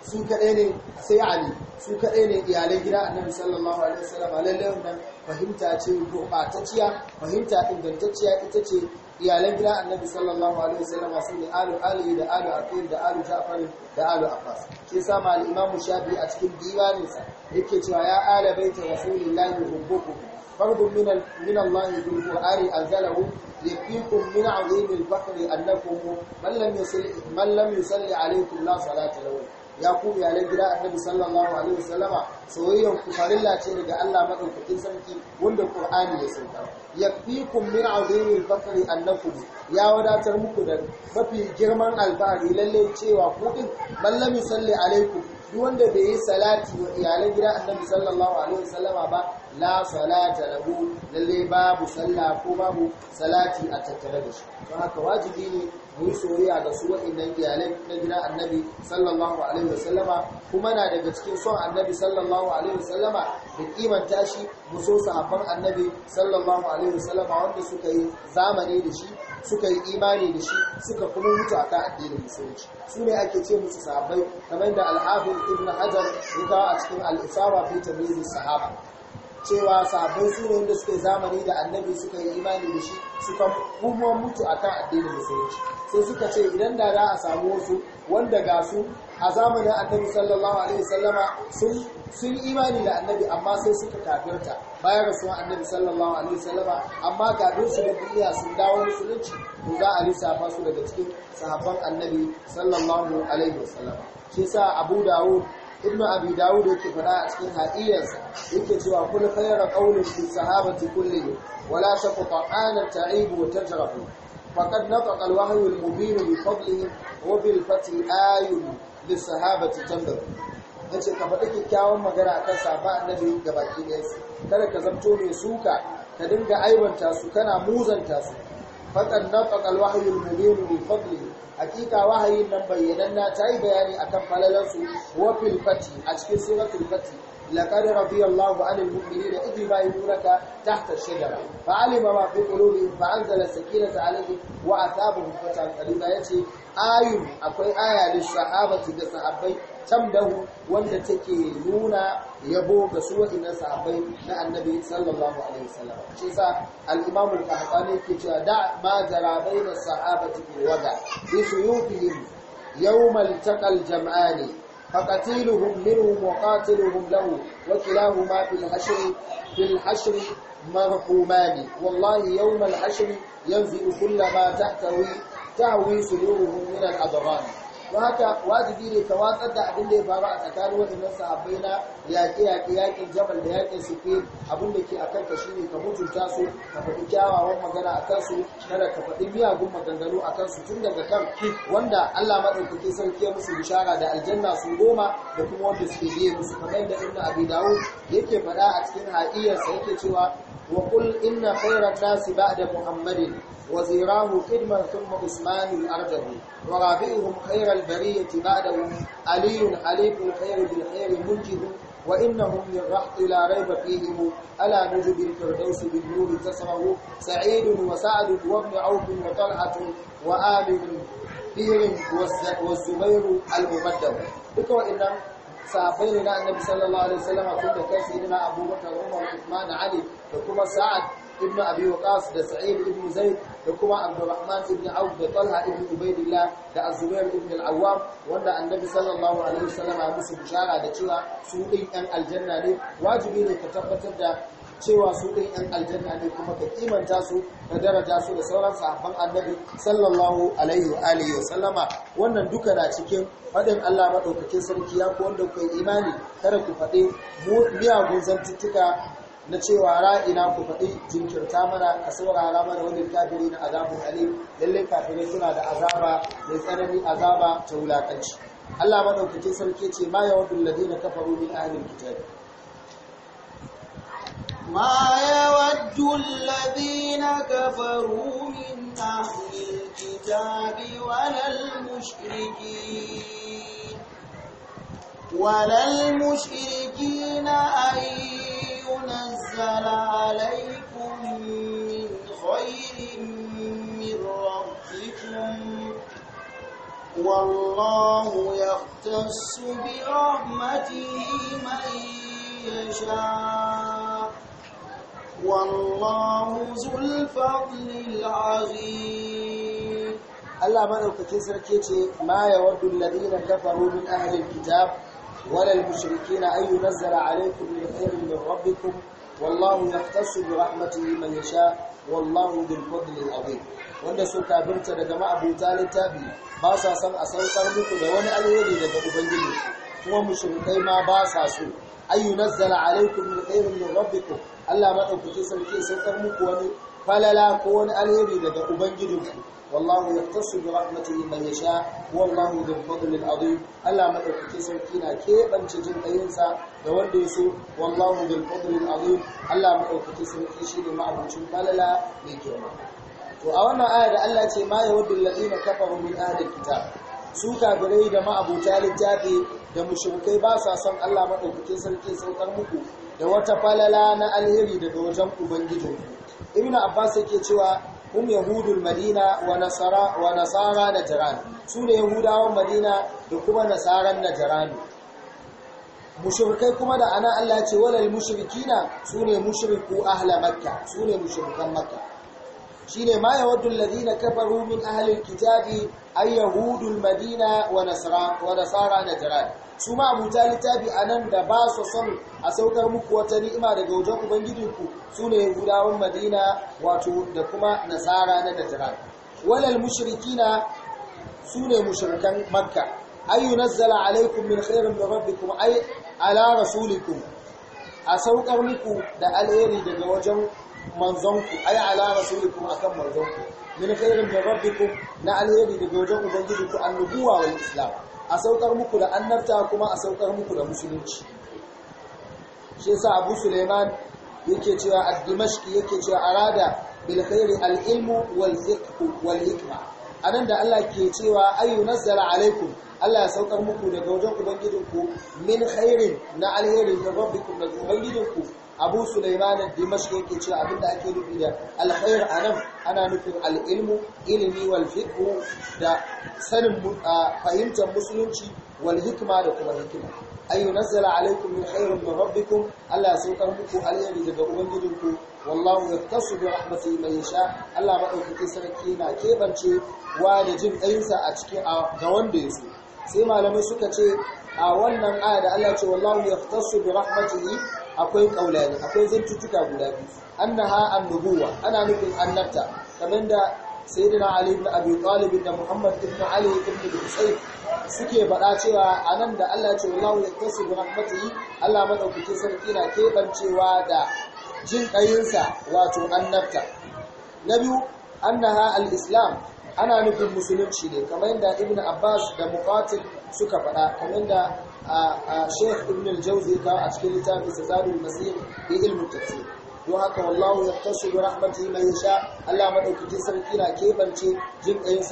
su kaɗai ne sai ali su kaɗai ne iyalai gida annabi sallallahu alaihi wasallam lalle wannan fahimta ce gurɓatacciya fahimta ingantacciya ita ce iyalan gida annabi sallallahu alaihi wasallam sun da alu ali da alu aqil da alu ja'far da alu abbas shi yasa ma shafi a cikin diwaninsa yake cewa ya ala baita rasulillahi hubbukum فرض من من الله a أنزله يكفيكم من عظيم الفقر أنكم من لم يصل من لم يصلي عليكم لا صلاة له ya ku iyalan gida annabi sallallahu alaihi wasallama soyayyan ku ce daga Allah madaukakin sarki wanda Qur'ani ya sauka yakfikum min azimil bakri annakum ya wadatar muku da mafi girman alfahari lalle cewa ku din ballami salli alaikum duk wanda bai yi salati wa iyalan gida annabi sallallahu alaihi wasallama ba la salata lahu lalle babu sallah ko babu salati a tattare da shi don haka wajibi ne mu yi soyayya ga su waɗannan iyalai na gida annabi sallallahu alaihi wasallama kuma na daga cikin son annabi sallallahu alaihi wasallama da kimanta shi mu so sahabban annabi sallallahu alaihi wasallama wanda suka yi zamani da shi suka yi imani da shi suka kuma mutu a kan addinin musulunci su ne ake ce musu sahabbai kamar da al'afin ibn hajar ya a cikin al'isaba fi tamizin sahaba cewa sabon su da suke suka zamani da annabi suka yi imani da shi suka kuma mutu a kan addinin musulunci sai suka ce idan da za a samu wasu wanda ga su a zamanin annabi sallallahu alaihi wasallama sun imani da annabi amma sai suka kafirta bayan rasuwan annabi sallallahu alaihi wasallama amma kafin su da duniya sun dawo musulunci to za a lissafa su daga cikin sahabban annabi sallallahu alaihi wasallama shi sa abu dawud ibnu abi dawud yake fada a cikin hadiyas yake cewa kullu khayra qawlin fi sahabati kullihi wala taqta anan ta'ibu wa tajrahu faqad nataqa al-wahyu al-mubin bi fadlihi wa bil fati ayun li sahabati tambar yace ka faɗi kyakkyawan magana akan sahaba annabi ga baki ɗaya kada ka zamto mai suka ka dinga aibanta su kana muzanta su faqad nataqa al-wahyu al-mubin bi fadlihi hakika wahayin nan bayyanan na ta yi bayani akan falalansu wa filfati a cikin suratul fati لقد رضي الله عن المؤمنين إذ يبايعونك تحت الشجرة فعلم ما في قلوبهم فأنزل السكينة عليهم وأثابهم فتحا قريبا يتي آي أكوي آية للصحابة كصحابي تمده وانت تكي نونا يبو بسوة إن صحابي مع النبي صلى الله عليه وسلم شيسا الإمام القحطاني كتوا دع ما جرى بين الصحابة في الوضع بسيوفهم يوم التقى الجمعان فقتيلهم منهم وقاتلهم له وكلاهما في الحشر في الحشر مرحومان والله يوم الحشر ينزل كل ما تحتوي تعوي صدورهم من الأدران haka wajibi ne ka watsar da abin da ya faru a tsakanin waɗannan sahabbai na yaƙe yaƙe yaƙin jamal da yaƙin sufi abin da ke akan ka shine ka mutunta su ka faɗi kyawawan magana a kansu kada ka faɗi miyagun maganganu a kansu tun daga kan wanda Allah maɗaukaki sarki ya musu bishara da aljanna su goma da kuma wanda suke biye musu kamar yadda Ibn Abi Dawud yake faɗa a cikin hadiyarsa yake cewa wa qul inna khayra nasi ba'da Muhammadin وزيراه خدما ثم عثمان أرجه ورابعهم خير البرية بعدهم علي حليف الخير بالخير منجه وإنهم من رحط لا ريب فيهم ألا نجب الفردوس بالنور تسره سعيد وسعد وابن عوف وطلحة وآمن بير والزبير الممدد بكو إن صحابين النبي صلى الله عليه وسلم كنت كيف سيدنا أبو بكر عمر عثمان علي وكما سعد ibn abi waqas da sa'id ibn zaid da kuma abdurrahman ibn auf da talha ibn ubaidillah da azubair ibn al-awwam wanda annabi sallallahu alaihi wasallam ya musu bishara da cewa su din yan aljanna ne wajibi ne ka tabbatar da cewa su ɗin ‘yan aljanna ne kuma ka kimanta su da daraja su da sauran sahabban annabi sallallahu alaihi wa alihi sallama wannan duka na cikin faɗin Allah maɗaukacin sarki ya ku wanda kuka imani kada ku faɗi miyagun zantuttuka na cewa ra'ina ku faɗi jinkirta mana ka saurara mana wani kafiri na azabun alim lallai kafirai suna da azaba mai tsanani azaba ta wulaƙanci Allah madaukakin sarki ce ma yawadul na kafaru min ahlil kitabi ما يود الذين كفروا من أهل الكتاب ولا المشركين ولا na ayi. نزل عليكم من خير من ربكم والله يختص برحمته من يشاء والله ذو الفضل العظيم الله ما أوكي سركيتي ما يود الذين كفروا من أهل الكتاب ولا المشركين أن ينزل عليكم من خير من ربكم والله يختص برحمته من يشاء والله ذو الفضل العظيم wanda sun kafirta daga ma'abuta littafi ba sa son a saukar muku da wani alheri daga ubangiji kuma mushrikai ma ba sa so ayu nazzala alaikum min khairin min rabbikum Allah ma madaukakin sarki saukar muku wani falala ko wani alheri daga ubangijinku والله يختص برحمته من يشاء والله ذو الفضل العظيم الا ما jin سوكي da كيبان ya so. سا والله ذو الفضل العظيم الا ما تركي سوكي شي ما ابو تشن بللا تو ا wannan aya da Allah ce ma yawd alladhina kafaru min ahli kitab su kafirai da ma abu talijabi da mushrikai ba sa son Allah madaukakin sarki saukar muku da wata falala na alheri daga wajen ubangijinku ibnu abbas yake cewa Kum yahudul madina wa nasara wa nasara su ne yahudawan madina da kuma nasaran najran mushrikai kuma da ana Allah ce walal mushrikina su ne mushriku ahla makka su ne mushrikan makka shine ma yawaddul ladina kafaru min ahli alkitabi ay yahudul madina wa nasara wa nasara najran su ma abuta anan da ba su son a saukar muku wata ni'ima daga wajen ubangijinku su ne yahudawan madina wato da kuma nasara na najran walal mushrikina su ne mushrikan makka ay yunazzala alaykum min khairin min rabbikum ay ala rasulikum a saukar muku da alheri daga wajen manzanku ay ala rasulikum akan manzonku min khairin min rabbikum na alheri daga wajen ubangiji ku annubuwa wal islam a saukar muku da annabta kuma a saukar muku da musulunci shi yasa abu suleiman yake cewa ad-dimashqi yake cewa arada bil khairi al ilmu wal fiqh wal hikma anan da Allah ke cewa ayu nazzala alaikum Allah ya saukar muku daga wajen ubangijinku min khairin na alheri daga rabbikum daga ubangijinku abu sulaiman dimashq yake cewa abinda ake nufi da alkhair anan ana nufin al'ilmu ilimi wal da sanin fahimtar musulunci wal da kuma hikima ay yunzala alaykum min khairin min rabbikum Allah ya kan muku alheri daga ubangijinku wallahu yaktasu bi rahmatihi man yasha Allah madaukakin sarki na kebance wa da jin ɗayinsa a cikin ga wanda ya so sai malamai suka ce a wannan aya da Allah ce wallahu yaktasu bi rahmatihi akwai kaulani akwai zantuttuka guda biyu ha'an nubuwa ana nufin annabta kamar da sayyidina ali ibn abi talib da muhammad ibn ali ibn husayn suke faɗa cewa anan da Allah ce wallahu yattasu bi rahmatihi Allah madaukakin sarki na keɓancewa da jin kayinsa wato annabta na biyu annaha al-islam ana nufin musulunci ne kamar da ibn abbas da muqatil suka faɗa kamar da a Sheikh Ibn jau jawzi kawo a cikin littafin Zadul Masir bi ilmin tafsir don haka wallahu yaqtasu bi rahmatihi man yasha Allah madaukakin sarki na kebance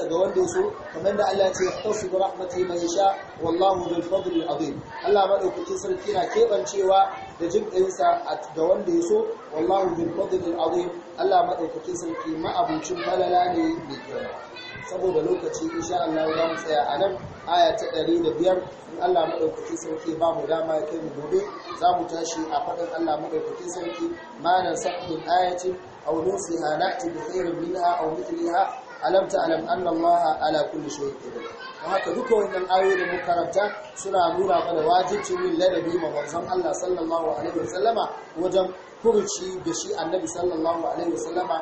ga wanda yaso kamar da Allah ya ce yaqtasu bi rahmatihi man yasha wallahu bil fadli azim Allah madaukakin sarki na kebancewa da jin ga wanda yaso wallahu bil fadli azim Allah madaukakin sarki ma abincin balala ne mai girma saboda lokaci insha Allah ya mu tsaya a nan aya ta 105 in Allah madaukaki sarki ba mu dama ya kai mu gobe za mu tashi a faɗin Allah madaukaki sarki ma nan sabbin ayatin aw nusiha na'ti bi khairin minha aw mithliha alam ta'lam anna Allah ala kulli shay'in qadir kuma haka duka wannan ayoyi da muka karanta suna nuna mana wajibcin yin ladabi ma manzon Allah sallallahu alaihi wasallama wajen kurci da shi annabi sallallahu alaihi wasallama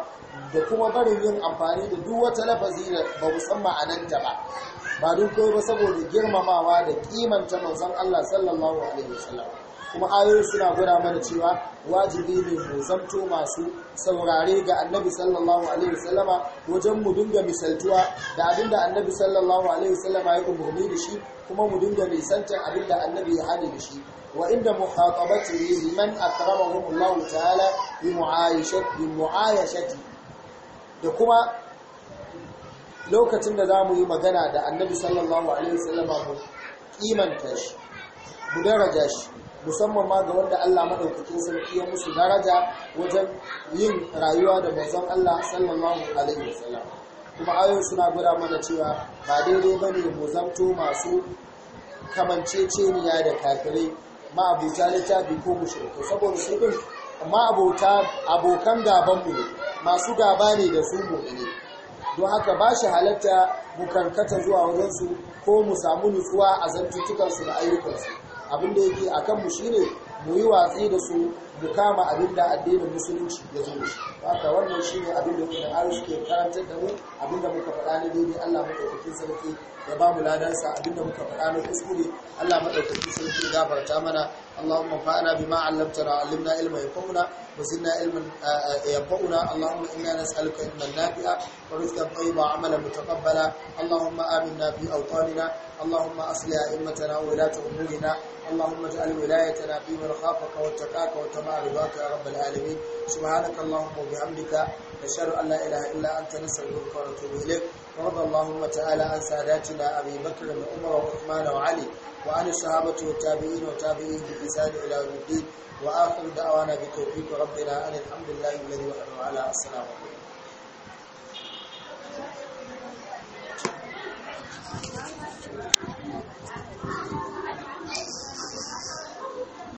da kuma barin yin amfani da duk wata lafazi da ba mu san ma'ananta ba ba duk kai ba saboda girmamawa da kimanta manzon Allah sallallahu alaihi wasallam kuma ayoyi suna gura mana cewa wajibi ne mu zamto masu saurare ga annabi sallallahu alaihi wasallama wajen mu dinga misaltuwa da abinda annabi sallallahu alaihi wasallama ya umarni da shi kuma mu dinga nisantar abinda annabi ya hada da shi wa inda muhatabati man akramahum Allah ta'ala bi mu'ayashati da kuma lokacin da za mu yi magana da annabi sallallahu alaihi wasallama mu kimanta shi mu daraja shi musamman ma ga wanda Allah madaukakin sarki ya musu daraja wajen yin rayuwa da manzon Allah sallallahu alaihi wasallam kuma ayoyin suna gura mana cewa ba daidai ba ne mu zanto masu kamanceceniya da kafirai ma abota littafi ko mushrikai saboda su din ma abota abokan gaban mu ne masu gaba ne da su mu'mini don haka ba shi halatta mu karkata zuwa wajensu ko mu samu nutsuwa a zantuttukansu da ayyukansu abin da yake a kanmu ne mu yi watsi da su mu kama abin da addinin musulunci ya zo shi haka wannan shi ne abin da yake da arziki ke karantar da mu abin da muka faɗa na daidai Allah madaukakin sarki ya ba mu ladansa abin da muka faɗa na kuskure Allah madaukakin sarki ya gafarta mana اللهم انفعنا بما علمتنا علمنا علما ينفعنا وزدنا علما ينفعنا اللهم انا نسالك علما نافعا ورزقا طيبا وعملا متقبلا اللهم امنا في اوطاننا اللهم اصلح ائمتنا وولاة امورنا اللهم اجعل ولايتنا في من خافك واتقاك واتبع رضاك يا رب العالمين سبحانك اللهم وبحمدك نشهد ان لا اله الا انت نستغفرك ونتوب اليك وارض اللهم تعالى عن ساداتنا ابي بكر وعمر وعثمان وعلي وعن الصحابة والتابعين والتابعين بإحسان إلى يوم الدين وآخر دعوانا بتوفيق ربنا أن الحمد لله الذي وحده على السلام عليكم Thank you.